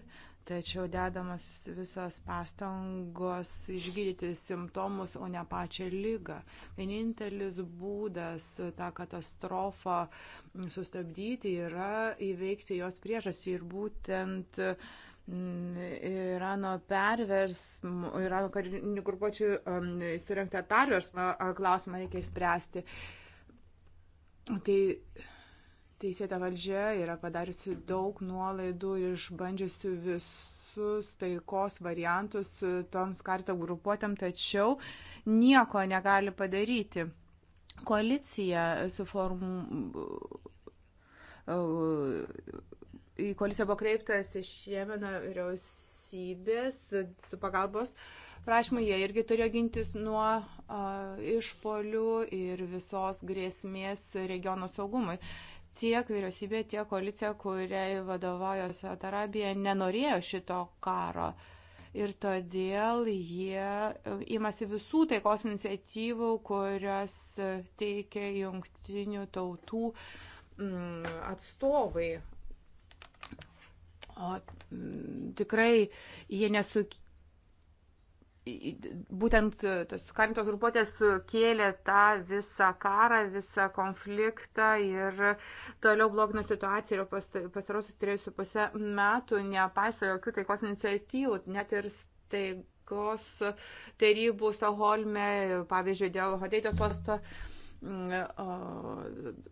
Tačiau dedamas visas pastangos išgydyti simptomus, o ne pačią lygą. Vienintelis būdas tą katastrofą sustabdyti yra įveikti jos priežastį ir būtent mm, Irano perversmų, Irano karinių grupuočių mm, įsirengtą perversmą klausimą reikia išspręsti. Tai teisėta valdžia yra padariusi daug nuolaidų ir išbandžiusi visus taikos variantus toms karto grupuotėm, tačiau nieko negali padaryti. Koalicija suformu. Į koaliciją buvo kreiptas iš Jemeno vyriausybės su pagalbos prašymų, jie irgi turėjo gintis nuo a, išpolių ir visos grėsmės regiono saugumui tiek vyriausybė, tiek koalicija, kuriai vadovauja Saudarabija, nenorėjo šito karo. Ir todėl jie imasi visų taikos iniciatyvų, kurias teikia jungtinių tautų mm, atstovai. O mm, tikrai jie nesuk būtent e, tos karintos grupuotės kėlė tą visą karą, visą konfliktą ir toliau blogino situaciją ir pastarosius trijus su pusę metų nepaiso jokių taikos iniciatyvų, net ir staigos tarybų Stoholme, pavyzdžiui, dėl Hodeitos posto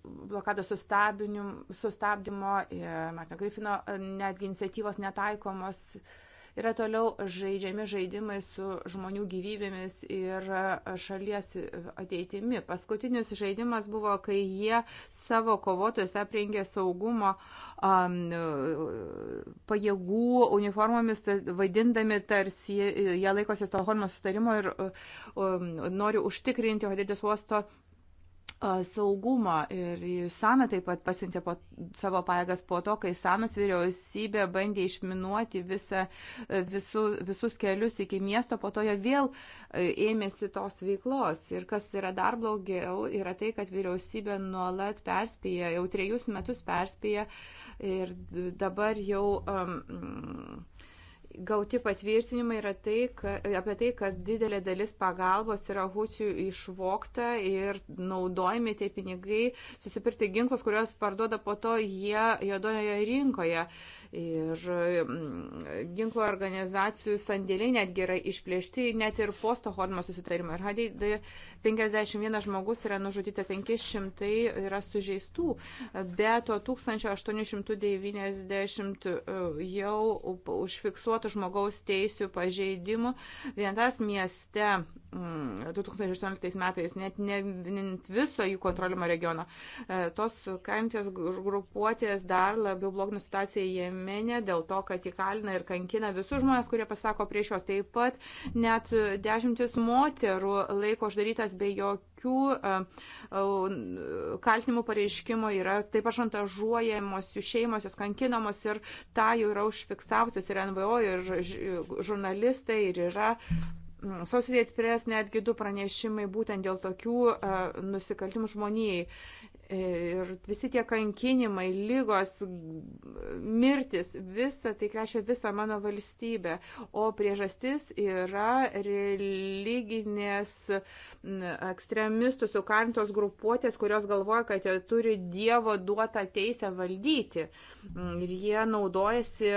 blokados sustabdymo ir Martino Grifino e, netgi iniciatyvos netaikomos. Uh, yra toliau žaidžiami žaidimai su žmonių gyvybėmis ir e, šalies ateitimi. Paskutinis žaidimas buvo, kai jie savo kovotojus aprengė saugumo um, pajėgų uniformomis, vaidindami tarsi jie laikosi Stoholmo sutarimo ir um, nori užtikrinti Hodėdės uosto saugumą. Ir Sana taip pat pasiuntė po, savo pajėgas po to, kai Sanos vyriausybė bandė išminuoti visą, e, visu, visus kelius iki miesto, po to jie vėl e, ėmėsi tos veiklos. Ir kas yra dar blogiau, yra tai, kad vyriausybė nuolat perspėja, jau trejus metus perspėja ir dabar jau. Um, gauti patvirtinimai yra tai, ka, apie tai, kad didelė dalis pagalbos yra hučių išvokta ir naudojami tie pinigai susipirkti ginklus, kuriuos parduoda po to jie juodojoje rinkoje. Uh, Ir mm, ginklo organizacijų sandėliai netgi yra išplėšti, net ir po Stoholmo susitarimo. Ir Hadidai 51 žmogus yra nužudytas, 500 yra sužeistų, bet 1890 e, jau užfiksuotų žmogaus teisių pažeidimų. Vienas mieste 2018 mm, metais, net ne viso jų kontrolimo regiono, e, tos karintės grupuotės dar labiau blogina situaciją jame Jemenė dėl to, kad įkalina ir kankina visus žmonės, kurie pasako prieš juos. Taip pat net dešimtis moterų laiko uždarytas be jokių e, e, kaltinimų pareiškimo yra taip pat šantažuojamos, jų šeimos, jos kankinamos ir tą jau yra užfiksavusios ir NVO, ir žurnalistai, ir yra Sausio Dėtprės netgi du pranešimai būtent dėl tokių e, nusikaltimų žmonijai. Uh, Ir visi tie kankinimai, lygos, mirtis, visa tai krešia visą mano valstybę. O priežastis yra religinės ekstremistų sukantos grupuotės, kurios galvoja, kad jie turi Dievo duotą teisę valdyti. Mm, ir jie naudojasi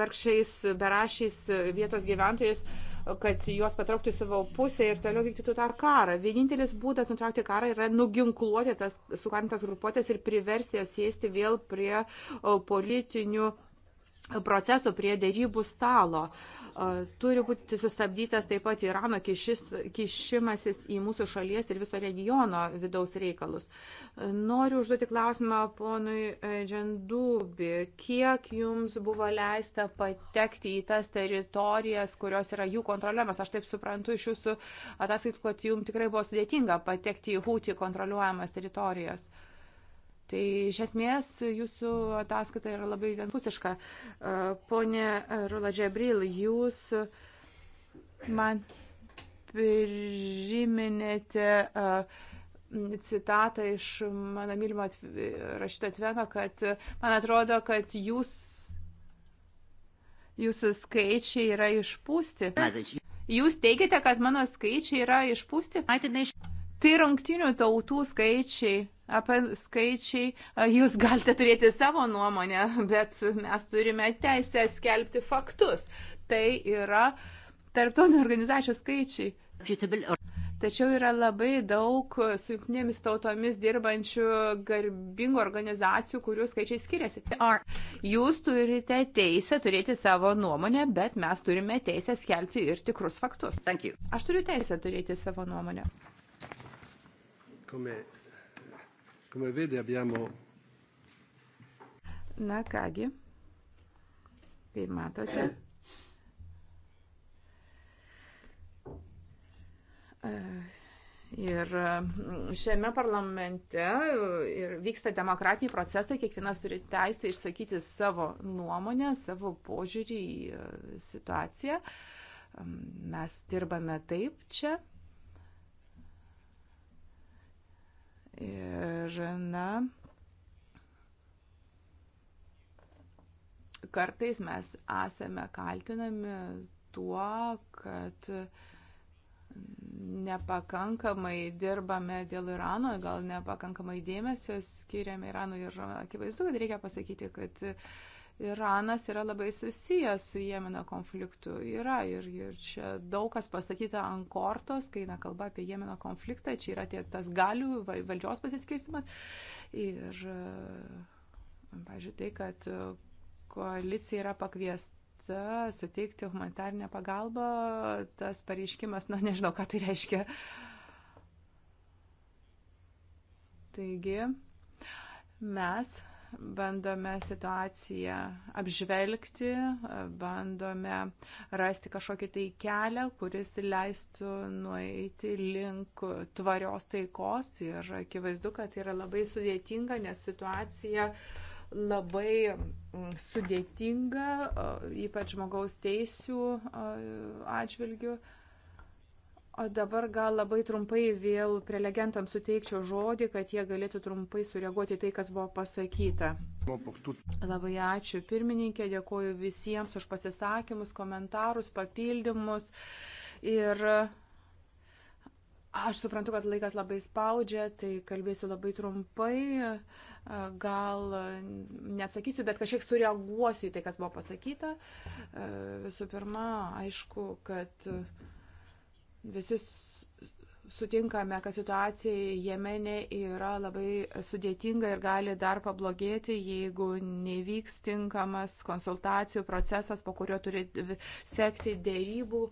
verkščiais, berašiais vietos gyventojais kad juos patrauktų į savo pusę ir toliau vykdytų tą karą. Vienintelis būdas nutraukti karą yra nuginkluoti tas sukarintas grupuotės ir priversti jas sėsti vėl prie politinių e, procesų prie dėrybų stalo. Turi būti sustabdytas taip pat Irano kišis, kišimasis į mūsų šalies ir viso regiono vidaus reikalus. Noriu užduoti klausimą ponui e, Džendubi, kiek jums buvo leista patekti į tas teritorijas, kurios yra jų kontroliuojamas. Aš taip suprantu iš jūsų ataskaitų, kad jums tikrai buvo sudėtinga patekti į Hūti kontroliuojamas teritorijas. Tai iš esmės jūsų ataskaita yra labai vienpusiška. E, Pone Ruladžiabril, jūs man priminėte e, citatą iš mano mylimo rašyto atveno, kad man atrodo, kad jūs, jūsų skaičiai yra išpūsti. Jūs teigiate, kad mano skaičiai yra išpūsti? Tai rungtinių tautų skaičiai, apie skaičiai, jūs galite turėti savo nuomonę, bet mes turime teisę skelbti faktus. Tai yra tarptautinių organizacijų skaičiai. Tačiau yra labai daug su jungtinėmis tautomis dirbančių garbingų organizacijų, kurių skaičiai skiriasi. Jūs turite teisę turėti savo nuomonę, bet mes turime teisę skelbti ir tikrus faktus. Aš turiu teisę turėti savo nuomonę come, come vede abbiamo. Na kągi, kaip matote, eh, ir mm, šiame parlamente eh, ir vyksta demokratiniai procesai, kiekvienas turi teisę išsakyti savo nuomonę, savo požiūrį į eh, situaciją. Mm, mes dirbame taip čia Ir, na, kartais mes esame kaltinami tuo, kad nepakankamai dirbame dėl Irano, gal nepakankamai dėmesio skiriame Iranui ir akivaizdu, kad reikia pasakyti, kad uh, Iranas yra labai susijęs su Jemeno konfliktu. Yra ir, ir čia daug kas pasakyta ant kortos, kai eina kalba apie Jemeno konfliktą, čia yra tie, tas galių valdžios pasiskirstimas. Ir, e, pažiūrėjau, tai, kad koalicija yra pakviesta suteikti humanitarinę pagalbą, tas pareiškimas, na nežinau, ką tai reiškia. Taigi, mes bandome situaciją apžvelgti, bandome rasti kažkokį tai kelią, kuris leistų nueiti link tvarios taikos ir akivaizdu, kad tai yra labai sudėtinga, nes situacija labai mm, sudėtinga, ypač žmogaus teisų atžvilgių. O dabar gal labai trumpai vėl prelegentams suteikčiau žodį, kad jie galėtų trumpai sureaguoti tai, kas buvo pasakyta. Labai ačiū pirmininkė, dėkoju visiems už pasisakymus, komentarus, papildymus. Ir aš suprantu, kad laikas labai spaudžia, tai kalbėsiu labai trumpai. Gal neatsakysiu, bet kažkiek sureaguosiu į tai, kas buvo pasakyta. Visų pirma, aišku, kad. Mhm Visi sutinkame, kad situacija Jemene yra labai sudėtinga ir gali dar pablogėti, jeigu nevyks tinkamas konsultacijų procesas, po kurio turi sekti dėrybų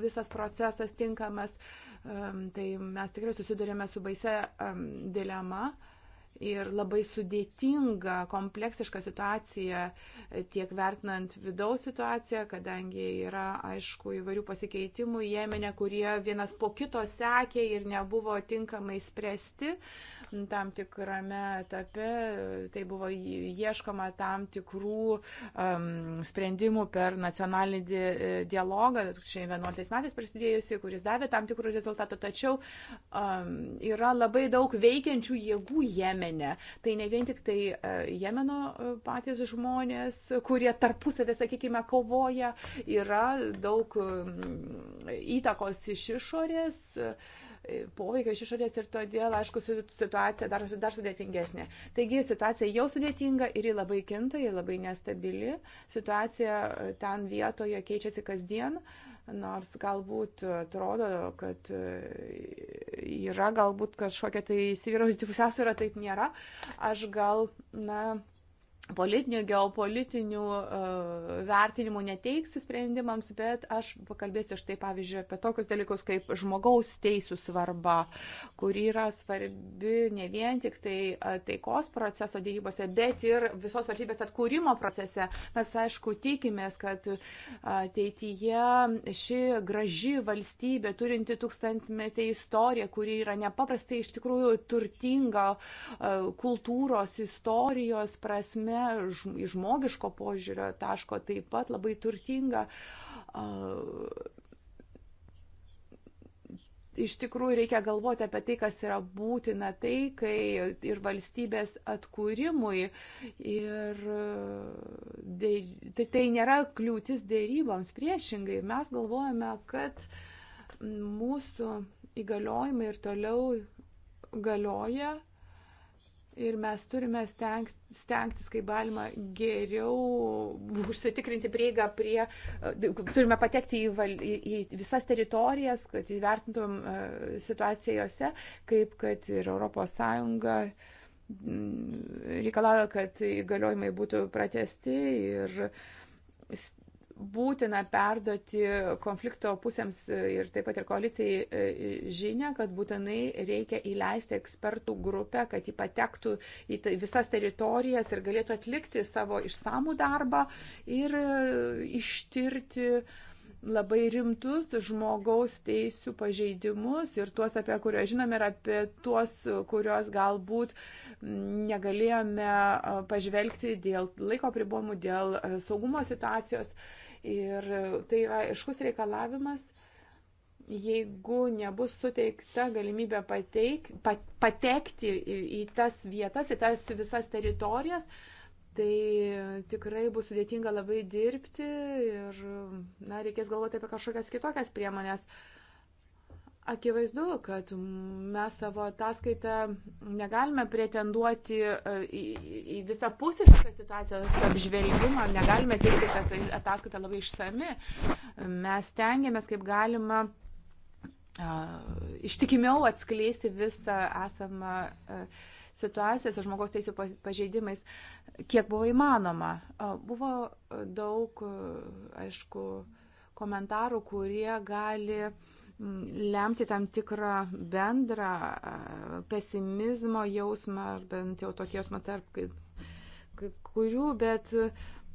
visas procesas tinkamas. Tai mes tikrai susidurėme su baise dilema ir labai sudėtinga, kompleksiška situacija tiek vertinant vidaus situaciją, kadangi yra, aišku, įvairių pasikeitimų Jemenė, kurie vienas po kito sekė ir nebuvo tinkamai spręsti. Uh, tam tikrame etape. Tai buvo ieškoma tam tikrų um, sprendimų per nacionalinį dialogą 2011 metais prasidėjusi, kuris davė tam tikrų rezultatų. Tačiau um, yra labai daug veikiančių jėgų Jemene. Tai ne vien tik tai uh, Jemeno e, patys žmonės, kurie tarpusavė, sakykime, kovoja, yra daug įtakos iš išorės. Uh, poveikio iš išorės ir todėl, aišku, situacija dar, dar sudėtingesnė. Taigi situacija jau sudėtinga ir ji labai kinta, ji labai nestabili. Situacija e, ten vietoje keičiasi kasdien, nors galbūt atrodo, kad e, yra galbūt kažkokia tai įsivyraujanti pusiausvyrą, taip nėra. Aš gal, na, politinių, geopolitinių e, vertinimų neteiksiu sprendimams, bet aš pakalbėsiu štai pavyzdžiui apie tokius dalykus kaip žmogaus teisų svarba, kuri yra svarbi ne vien tik tai e, taikos proceso dėrybose, bet ir visos valstybės atkūrimo procese. Mes aišku tikimės, kad ateityje ši graži valstybė, turinti tūkstantmetį istoriją, kuri yra nepaprastai iš tikrųjų turtinga e, kultūros, istorijos prasme, prasme, iš žmogiško požiūrio taško taip pat labai turtinga. Iš tikrųjų reikia galvoti apie tai, kas yra būtina tai, kai ir valstybės atkūrimui. Ir dė, tai, tai nėra kliūtis dėryboms, priešingai. Mes galvojame, kad mūsų įgaliojimai ir toliau galioja Ir mes turime stengtis, stengtis kaip galima, geriau užsitikrinti prieigą prie, e, turime patekti į, val, į, į visas teritorijas, kad įvertintum e, situaciją jose, kaip kad ir ES mm, reikalavo, kad įgaliojimai būtų pratesti ir būtina perduoti konflikto pusėms ir taip pat ir koalicijai e, žinia, kad būtinai reikia įleisti ekspertų grupę, kad ji patektų į tai visas teritorijas ir galėtų atlikti savo išsamų darbą ir e, ištirti labai rimtus žmogaus teisų pažeidimus ir tuos, apie kuriuos žinome, ir apie tuos, kuriuos galbūt negalėjome e, pažvelgti dėl laiko pribomų, dėl saugumo situacijos. Uh, Ir tai yra iškus reikalavimas, jeigu nebus suteikta galimybė pateik, pat, patekti į, į tas vietas, į tas visas teritorijas, tai tikrai bus sudėtinga labai dirbti ir na, reikės galvoti apie kažkokias kitokias priemonės. Uh, Akivaizdu, kad mes savo ataskaitą negalime pretenduoti e, į, į visą pusišką situacijos apžvelgimą, negalime teikti, kad tai ataskaita labai išsami. Mes tengiamės kaip galima e, ištikimiau atskleisti visą esamą e, situaciją su žmogaus teisų pažeidimais, kiek buvo įmanoma. Buvo daug, aišku, komentarų, kurie gali uh, lemti tam tikrą bendrą pesimizmo jausmą, ar bent jau tokį jausmą tarp kurių, bet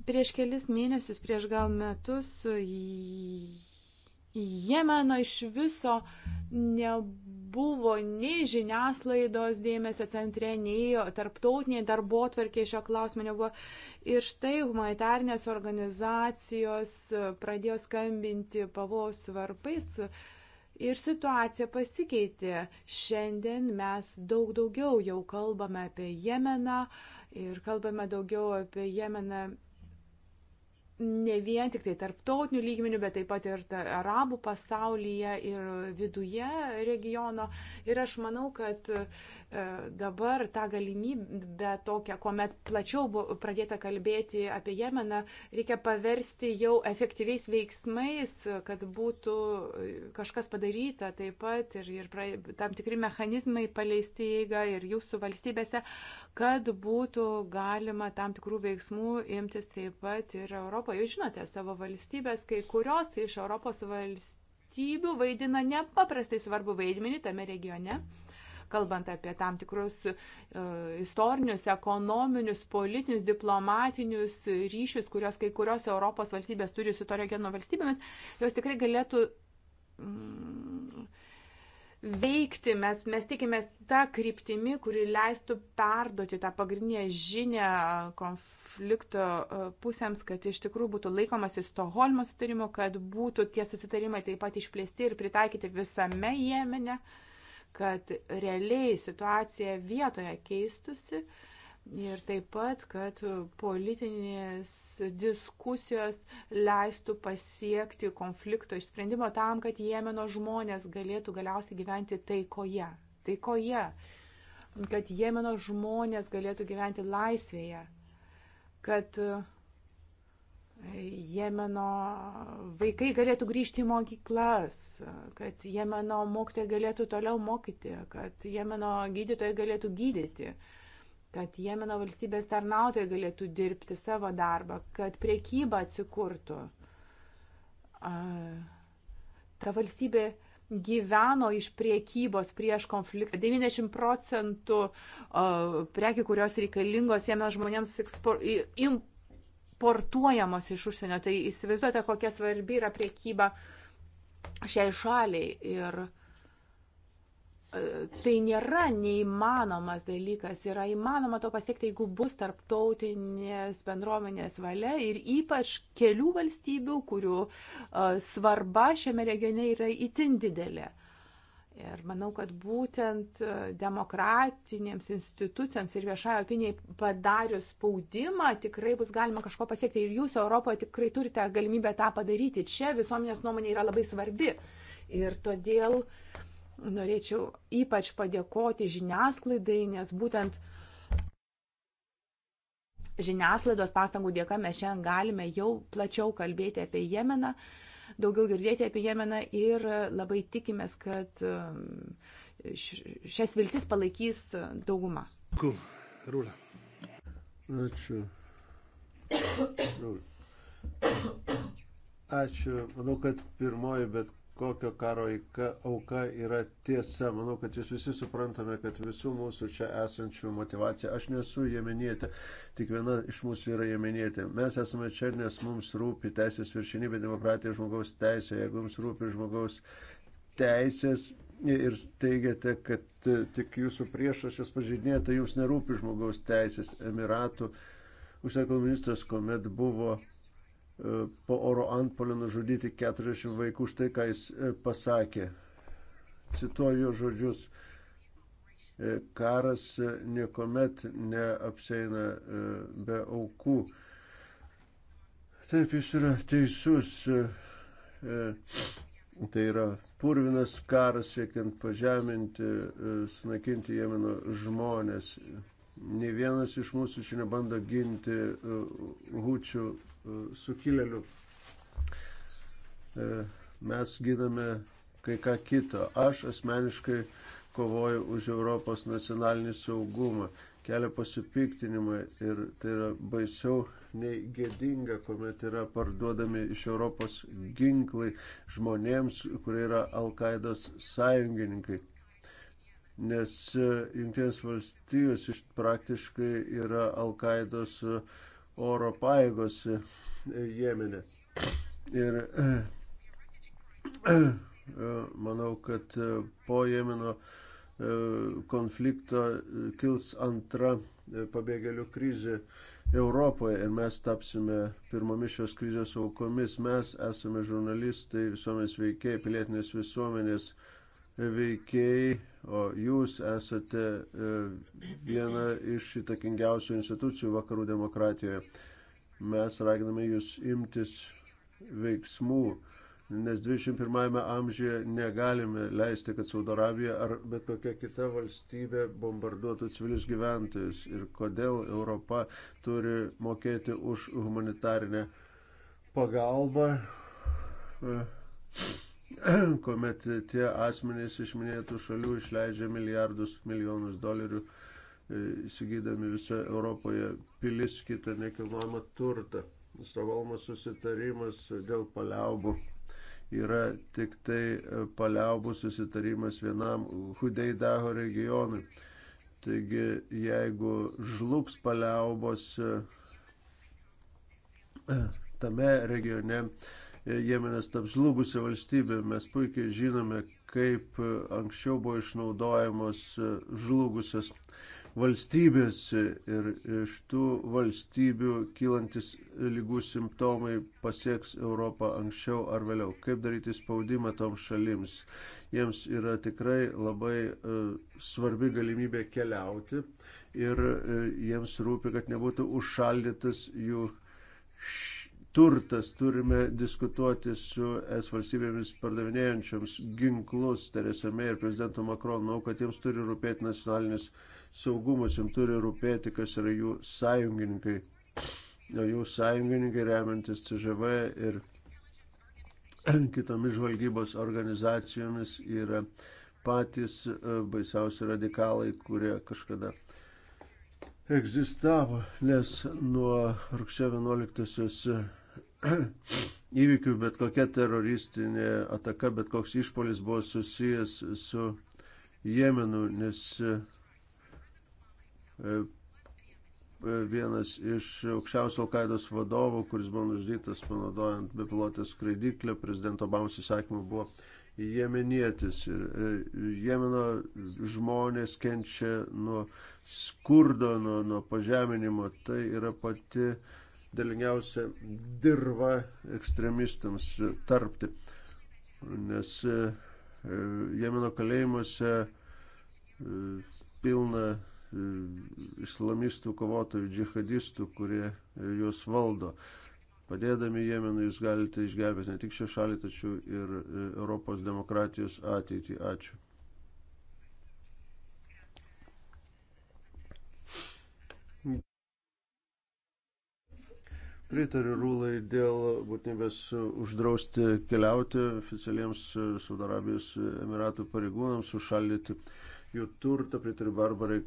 prieš kelis mėnesius, prieš gal metus Jemeno iš viso nebuvo nei žiniaslaidos dėmesio centre, nei tarptautiniai darbo atverkė šio klausimo nebuvo. Ir štai humanitarnės organizacijos pradėjo skambinti pavos varpais, Ir situacija pasikeitė. Šiandien mes daug daugiau jau kalbame apie Jemeną ir kalbame daugiau apie Jemeną ne vien tik tai tarptautinių lygmenių, bet taip pat ir ta, arabų pasaulyje ir viduje regiono. Ir aš manau, kad E, dabar tą galimybę tokią, kuomet plačiau pradėta kalbėti apie Jemeną, reikia paversti jau efektyviais veiksmais, kad būtų kažkas padaryta taip pat ir, ir pra, tam tikri mechanizmai paleisti įgą ir jūsų valstybėse, kad būtų galima tam tikrų veiksmų imtis taip pat ir Europoje. Jūs žinote, savo valstybės, kai kurios iš Europos valstybių valstybių vaidina nepaprastai svarbu vaidmenį tame regione kalbant apie tam tikrus e, istorinius, ekonominius, politinius, diplomatinius ryšius, kurios kai kurios Europos valstybės turi su to regiono valstybėmis, jos tikrai galėtų mm, veikti, mes, mes tikimės tą kryptimį, kuri leistų perduoti tą pagrindinę žinę konflikto e, pusėms, kad iš tikrųjų būtų laikomasi Stoholmo sutarimo, kad būtų tie susitarimai taip pat išplėsti ir pritaikyti visame Jemene. Uh, kad realiai situacija vietoje keistusi ir taip pat, kad politinės diskusijos leistų pasiekti konflikto išsprendimo tam, kad Jemeno žmonės galėtų galiausiai gyventi taikoje. Taikoje. Kad Jemeno žmonės galėtų gyventi laisvėje. Kad uh, Jemeno vaikai galėtų grįžti į mokyklas, kad Jemeno mokytojai galėtų toliau mokyti, kad Jemeno gydytojai galėtų gydyti, kad Jemeno valstybės tarnautojai galėtų dirbti savo darbą, kad priekyba atsikurtų. Ta valstybė gyveno iš priekybos prieš konfliktą. 90 procentų prekių, kurios reikalingos jame žmonėms ekspor, im, importuojamos iš užsienio. Tai įsivaizduojate, kokia svarbi yra priekyba šiai šaliai. Ir e, tai nėra neįmanomas dalykas, yra įmanoma to pasiekti, jeigu bus tarptautinės bendruomenės valia ir ypač kelių valstybių, kurių e, svarba šiame regione yra itin didelė. Ir manau, kad būtent e, demokratinėms institucijams ir viešai opiniai padarius spaudimą tikrai bus galima kažko pasiekti. Ir jūs Europoje tikrai turite galimybę tą padaryti. Čia visuomenės nuomonė yra labai svarbi. Ir todėl norėčiau ypač padėkoti žiniasklaidai, nes būtent žiniasklaidos pastangų dėka mes šiandien galime jau plačiau kalbėti apie Jemeną. Uh, daugiau girdėti apie Jemeną ir labai tikimės, kad um, šias viltis palaikys dauguma. Rūlė. Ačiū. Rūlė. Ačiū. Manau, kad pirmoji bet kokio karo aika, auka yra tiesa. Manau, kad jūs visi suprantame, kad visų mūsų čia esančių motivacija, aš nesu jemenietė, tik viena iš mūsų yra jemenietė. Mes esame čia, nes mums rūpi teisės viršinybė, demokratija, žmogaus teisė. Jeigu jums rūpi žmogaus teisės ir teigiate, kad tik jūsų priešas jas pažydinėja, tai jums nerūpi žmogaus teisės. Emiratų užsienio ministras, kuomet buvo E, po oro antpolio nužudyti 40 vaikų, štai ką jis e, pasakė. Cituoju žodžius. E, karas niekuomet neapseina be aukų. Taip jis yra teisus. Tai yra purvinas karas, siekiant pažeminti, sunakinti Jemeno žmonės. Ne vienas iš mūsų čia nebando ginti hučių sukilėlių. E, mes gydame kai ką kito. Aš asmeniškai kovoju už Europos nacionalinį saugumą. Kelia pasipiktinimą ir tai yra baisiau nei gėdinga, kuomet yra parduodami iš Europos ginklai žmonėms, kurie yra Al-Qaidos sąjungininkai. Nes e, Junktinės valstijos praktiškai yra Al-Qaidos sąjungininkai e, oro paėgos e, Jemenė. Ir e, e, manau, kad po Jemeno konflikto kils antra pabėgėlių krizė Europoje ir mes tapsime pirmomis šios krizės aukomis. Mes esame žurnalistai, visuomenės veikėjai, pilietinės visuomenės. visuomenės veikiai, o jūs esate e, viena iš įtakingiausių institucijų vakarų demokratijoje. Mes raginame jūs imtis veiksmų, nes 21 amžiuje negalime leisti, kad Saudo Arabija ar bet kokia kita valstybė bombarduotų civilius gyventojus ir kodėl Europa turi mokėti už humanitarinę pagalbą. Uh kuomet tie asmenys iš minėtų šalių išleidžia milijardus, milijonus dolerių e, įsigydami visą Europoje pilis kitą nekilnojamą turtą. Stokholmo susitarimas dėl paliaubų yra tik tai e, paliaubų susitarimas vienam Hudeidaho regionui. Taigi, jeigu žlugs paliaubos e, tame regione, Jemenas taps žlugusią valstybę. Mes puikiai žinome, kaip e, anksčiau buvo išnaudojamos e, žlugusios valstybės e, ir iš tų valstybių kylantis lygų simptomai pasieks Europą anksčiau ar vėliau. Kaip daryti spaudimą toms šalims? Jiems yra tikrai labai svarbi galimybė keliauti ir jiems rūpi, kad nebūtų užšaldytas jų turtas, turime diskutuoti su es valstybėmis pardavinėjančioms ginklus, Teresa May ir prezidentu Macron. Manau, kad jiems turi rūpėti nacionalinis saugumas, jiems turi rūpėti, kas yra jų sąjungininkai. O jų sąjungininkai remiantis CŽV ir kitomis žvalgybos organizacijomis yra patys e, baisiausi radikalai, kurie kažkada egzistavo, nes nuo rugsėjo 11 įvykių, bet kokia teroristinė ataka, bet koks išpolis buvo susijęs su Jemenu, nes e, e, vienas iš aukščiausio Alkaidos vadovų, kuris buvo nužudytas panaudojant bepilotę skraidiklę, prezidento Obamos įsakymu buvo jemenietis. Ir e, Jemeno žmonės kenčia nuo skurdo, nuo, nuo pažeminimo. Tai yra pati uh, dėlingiausia dirba ekstremistams tarpti. Nes e, Jemeno kalėjimuose e, pilna e, islamistų kovotojų, džihadistų, kurie juos valdo. Padėdami Jemenui jūs galite išgelbėti ne tik šią šalį, tačiau ir Europos demokratijos ateitį. Ačiū. Pritariu rūlai dėl būtinybės uždrausti keliauti oficialiems Saudarabijos Emiratų pareigūnams, užšaldyti jų turtą, pritariu barbarai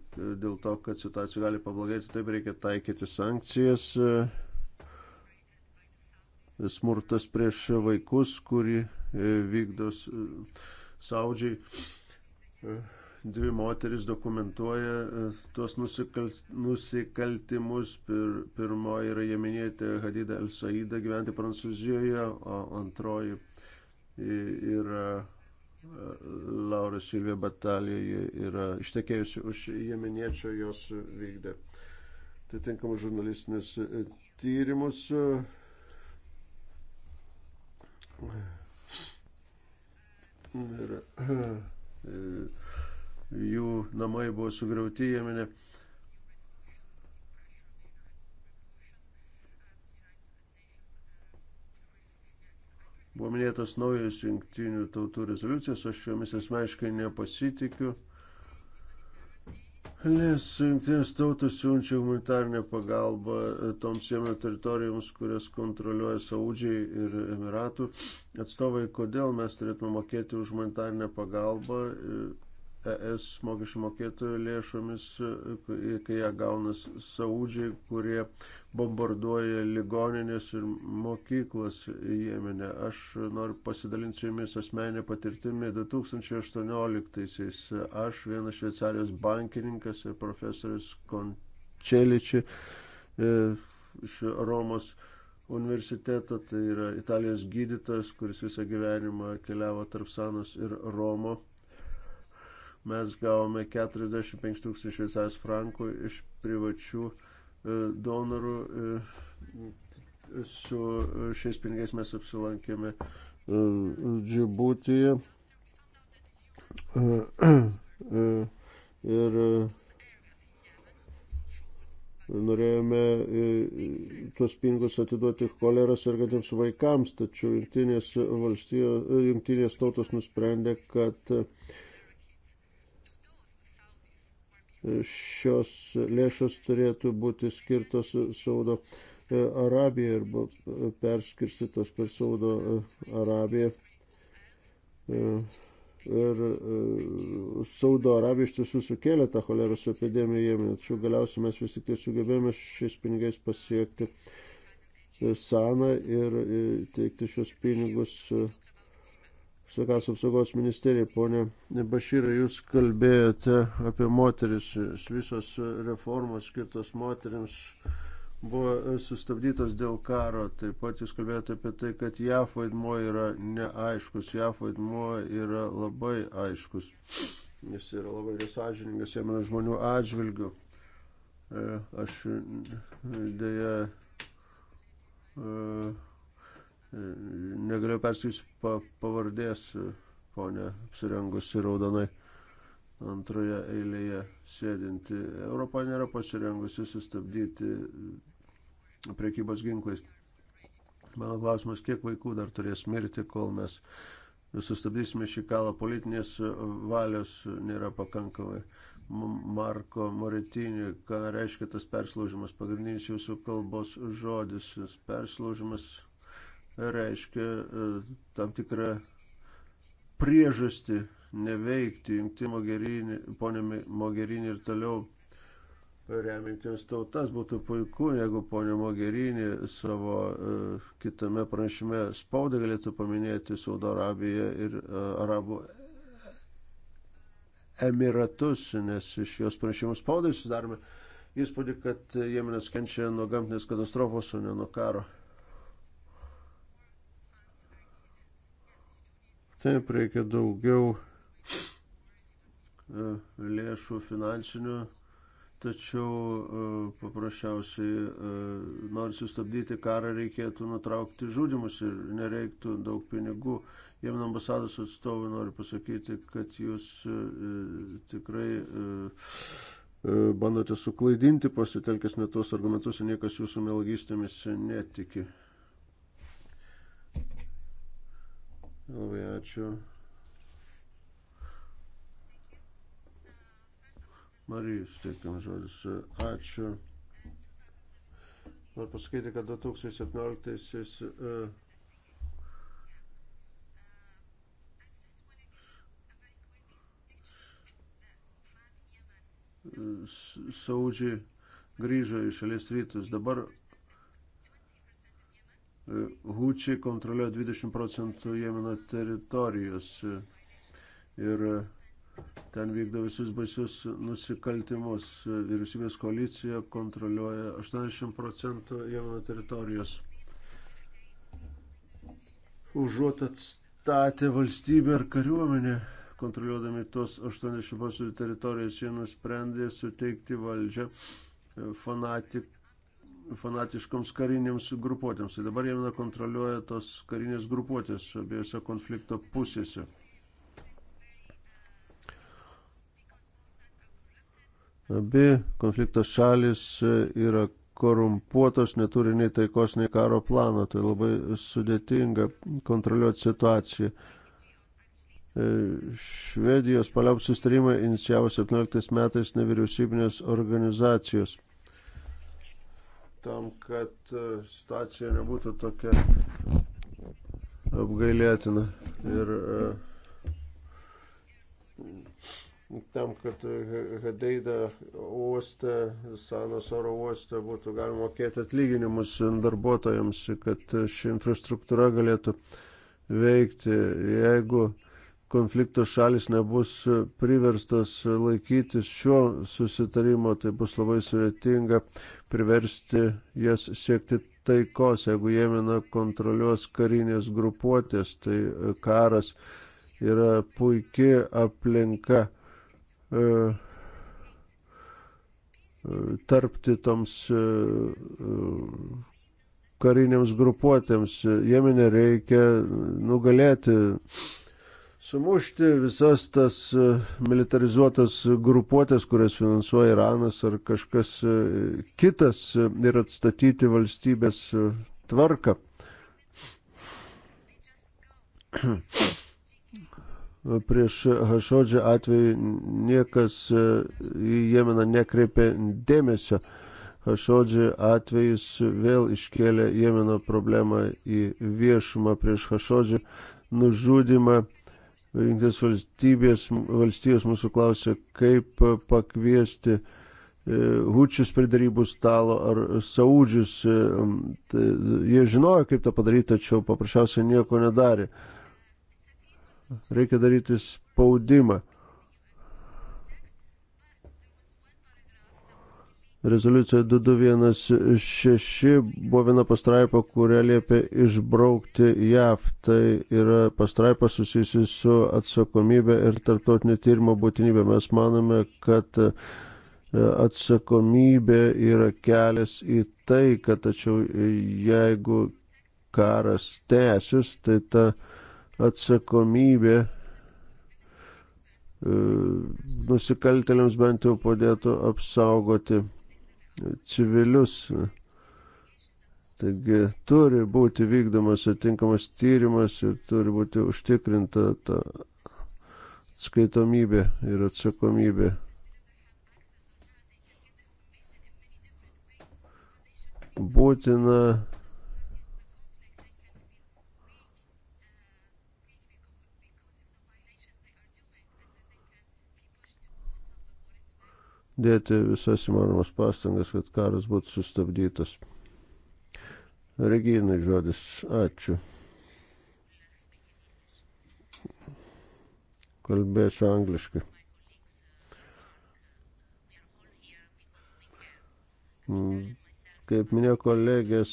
dėl to, kad situacija gali pablogėti, taip reikia taikyti sankcijas. Smurtas prieš vaikus, kurį vykdos saudžiai dvi moteris dokumentuoja e, tuos nusikalt, nusikaltimus. Pir, pirmoji yra jeminėtė Hadida Al-Saida gyventi Prancūzijoje, o antroji yra e, Laura Silvija Batalija, ji yra ištekėjusi už jemeniečio, jos vykdė atitinkamus žurnalistinius e, tyrimus. Ir, ir, jų namai buvo sugriauti Jemene. Buvo minėtos naujos jungtinių tautų rezoliucijos, aš jomis asmeniškai nepasitikiu, nes jungtinės tautos siunčia humanitarnę pagalbą toms Jemeno teritorijoms, kurias kontroliuoja Saudžiai ir Emiratų atstovai, kodėl mes turėtume mokėti už humanitarnę pagalbą. Ir ES mokesčių mokėtojų lėšomis, e, kai jie gauna saudžiai, kurie bombarduoja ligoninės ir mokyklas Jemenė. Aš noriu pasidalinti su jumis asmenė patirtimi. 2018-aisiais aš, vienas šveicarijos bankininkas ir profesorius Končeliči e, iš Romos universiteto, tai yra italijos gydytojas, kuris visą gyvenimą keliavo tarp Sanos ir Romo mes gavome 45 tūkstančių šveicarijos frankų iš privačių e, donorų. E, su šiais pinigais mes apsilankėme e, Džibutyje. Ir norėjome tuos pinigus atiduoti choleros ir gadiems vaikams, tačiau jungtinės, valstijos, jungtinės tautos nusprendė, kad uh, šios lėšos turėtų būti skirtos Saudo Arabijai arba perskirstytos per Saudo Arabiją. Ir e, Saudo Arabija iš tiesų sukėlė tą choleros epidemiją Jemenė, tačiau galiausiai mes vis tik tai sugebėjome šiais pinigais pasiekti e, saną ir e, teikti šios pinigus sveikatos apsaugos ministerijai. Pone Bašyrai, jūs kalbėjote apie moteris, visos reformos skirtos moteriams buvo sustabdytos dėl karo. Taip pat jūs kalbėjote apie tai, kad JAF vaidmuo yra neaiškus, JAF vaidmuo yra labai aiškus. Jis yra labai nesažiningas Jemeno žmonių atžvilgių. E, aš dėja e, Negalėjau perskaityti pa, pavardės, ponė, apsirengusi raudonai antroje eilėje sėdinti. Europa nėra pasirengusi sustabdyti priekybos ginklais. Mano klausimas, kiek vaikų dar turės mirti, kol mes sustabdysime šį kalą. Politinės valios nėra pakankamai. Marko Moretinį, ką reiškia tas perslaužimas, pagrindinis jūsų kalbos žodis, perslaužimas reiškia e, tam tikrą priežastį neveikti, imti Mogerinį, ponė Mogerinį ir toliau remintiems tautas. Būtų puiku, jeigu ponė Mogerinį savo uh, kitame pranešime spaudą galėtų paminėti Saudo Arabiją ir uh, Arabų Emiratus, nes iš jos pranešimų spaudai susidarome įspūdį, kad Jemenas kenčia nuo gamtinės katastrofos, o ne nuo karo. Taip reikia daugiau e, lėšų finansinių, tačiau e, paprasčiausiai e, nori sustabdyti karą reikėtų nutraukti žudimus ir nereiktų daug pinigų. Jiem ambasados atstovai noriu pasakyti, kad jūs tikrai bandote suklaidinti pasitelkęs netos argumentus ir niekas jūsų melagystėmis netiki. Labai ačiū. Marijus, teikam žodis. Ačiū. Noriu pasakyti, kad 2017 uh, e, saudžiai grįžo į šalies rytus. Dabar Hučiai kontroliuoja 20 procentų Jemeno teritorijos ir ten vykdo visus baisius nusikaltimus. Vyriausybės koalicija kontroliuoja 80 procentų Jemeno teritorijos. Užuot atstatę valstybę ir kariuomenę, kontroliuodami tos 80 procentų teritorijos, jie nusprendė suteikti valdžią e, fanatik fanatiškoms karinėms grupuotėms. Tai dabar Jemeną kontroliuoja tos karinės grupuotės abiejose konflikto pusėse. Abi konflikto šalis yra korumpuotos, neturi nei taikos, nei karo plano. Tai labai sudėtinga kontroliuoti situaciją. E, Švedijos paliaubų sustarimą inicijavo 17 metais nevyriausybinės organizacijos tam, kad e, situacija nebūtų tokia apgailėtina. Ir e, tam, kad Hadeida uoste, Sanos oro uoste būtų galima mokėti atlyginimus darbuotojams, kad ši infrastruktūra galėtų veikti. Jeigu uh, konflikto šalis nebus priverstos laikytis šio susitarimo, tai bus labai sudėtinga priversti jas siekti taikos, jeigu Jemeną kontroliuos karinės grupuotės, tai karas yra puikia aplinka e, e, tarpti toms e, e kariniams grupuotėms. Jemene reikia nugalėti sumušti visas tas e, militarizuotas grupuotės, kurias finansuoja Iranas ar kažkas e, kitas e, ir atstatyti valstybės tvarką. Prieš Hašodžio atveju niekas į Jemeną nekreipė dėmesio. Hašodžio atvejis vėl iškėlė Jemeno problemą į viešumą prieš Hašodžio nužudimą Jungtinės valstybės, valstijos mūsų klausė, kaip pakviesti e, hučius prie darybų stalo ar saudžius. E, tai jie žinojo, kaip tą padaryti, tačiau paprasčiausiai nieko nedarė. Reikia daryti spaudimą. Rezoliucija 2216 buvo viena pastraipa, kurią liepia išbraukti JAV. Tai yra pastraipa susijusi su atsakomybė ir tarptautinio tyrimo būtinybė. Mes manome, kad e, atsakomybė yra kelias į tai, kad tačiau e, jeigu karas tęsis, tai ta atsakomybė e, nusikaltėliams bent jau padėtų apsaugoti civilius. Taigi turi būti vykdomas atinkamas tyrimas ir turi būti užtikrinta ta skaitomybė ir atsakomybė. Būtina dėti visas įmanomas pastangas, kad karas būtų sustabdytas. Reginai žodis, ačiū. Kalbėsiu angliškai. Mm. Kaip minėjo kolegės,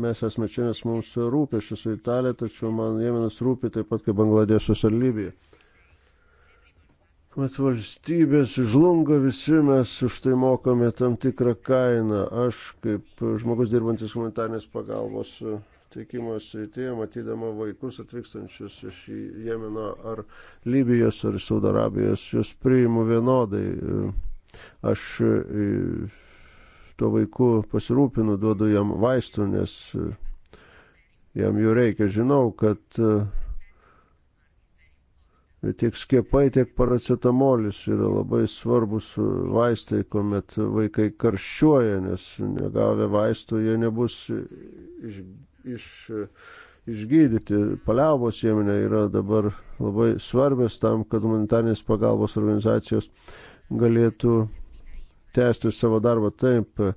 mes esame čia, nes mums rūpi šis Italija, tačiau man Jemenas rūpi taip pat kaip Bangladešas ar Libija. Mat valstybės žlunga visi, mes už tai mokame tam tikrą kainą. Aš kaip žmogus dirbantis humanitarnės pagalbos teikimo srityje, matydama vaikus atvykstančius iš Jemeno ar Libijos ar Saudo Arabijos, juos priimu vienodai. Aš e, tuo vaiku pasirūpinu, duodu jam vaistų, nes e, jam jų reikia. Žinau, kad e, tiek skiepai, tiek paracetamolis yra labai svarbus vaistai, kuomet vaikai karščiuoja, nes negavę vaistų jie nebus iš, iš, išgydyti. Paliaubos jėminė yra dabar labai svarbės tam, kad humanitarnės pagalbos organizacijos galėtų tęsti savo darbą taip.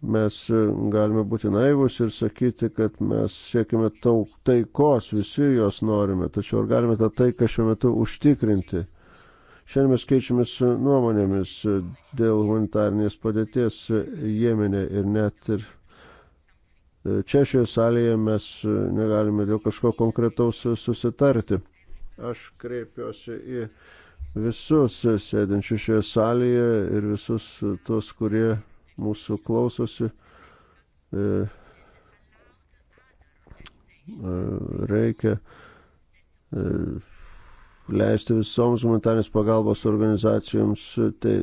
Mes e, galime būti naivus ir sakyti, kad mes siekime taikos, visi jos norime, tačiau ar galime tą taiką šiuo metu užtikrinti? Šiandien mes keičiamės nuomonėmis e, dėl humanitarnės padėties e, Jemenė ir net ir čia šioje salėje mes negalime dėl kažko konkretaus susitarti. Aš kreipiuosi į visus sėdinčius šioje salėje ir visus tuos, kurie mūsų klausosi. E, e, reikia e, leisti visoms humanitarnės pagalbos organizacijoms tai,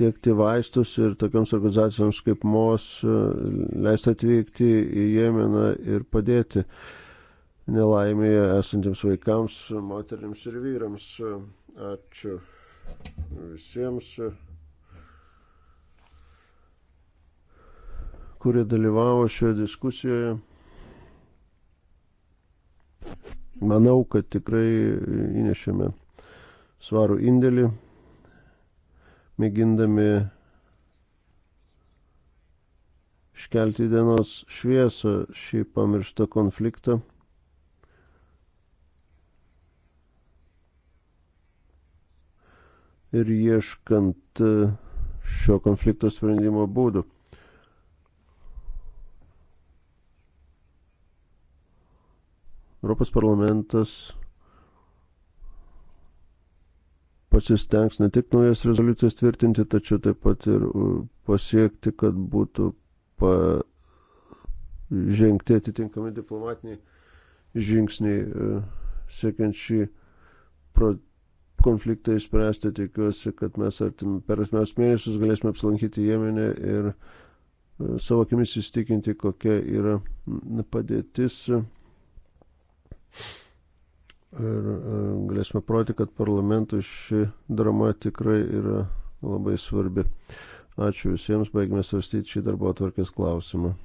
tiekti vaistus ir tokiams organizacijoms kaip MOS leisti atvykti į Jemeną ir padėti nelaimėje esantiems vaikams, moteriams ir vyrams. Ačiū visiems. kurie dalyvavo šioje diskusijoje. Manau, kad tikrai įnešėme svarų indėlį, mėgindami iškelti dienos šviesą šį pamirštą konfliktą. Ir ieškant e, šio konflikto sprendimo būdų. Europos parlamentas pasistengs ne tik naujas rezoliucijas tvirtinti, tačiau taip pat ir pasiekti, kad būtų žengti atitinkami diplomatiniai žingsniai e, siekiant šį konfliktą išspręsti. Tikiuosi, kad mes artim, per asmenius mėnesius galėsime apsilankyti Jemenę ir e, savo akimis įstikinti, kokia yra padėtis. Ir e, galėsime proti, kad parlamentui ši drama tikrai yra labai svarbi. Ačiū visiems, baigime svarstyti šį darbo atvarkės klausimą.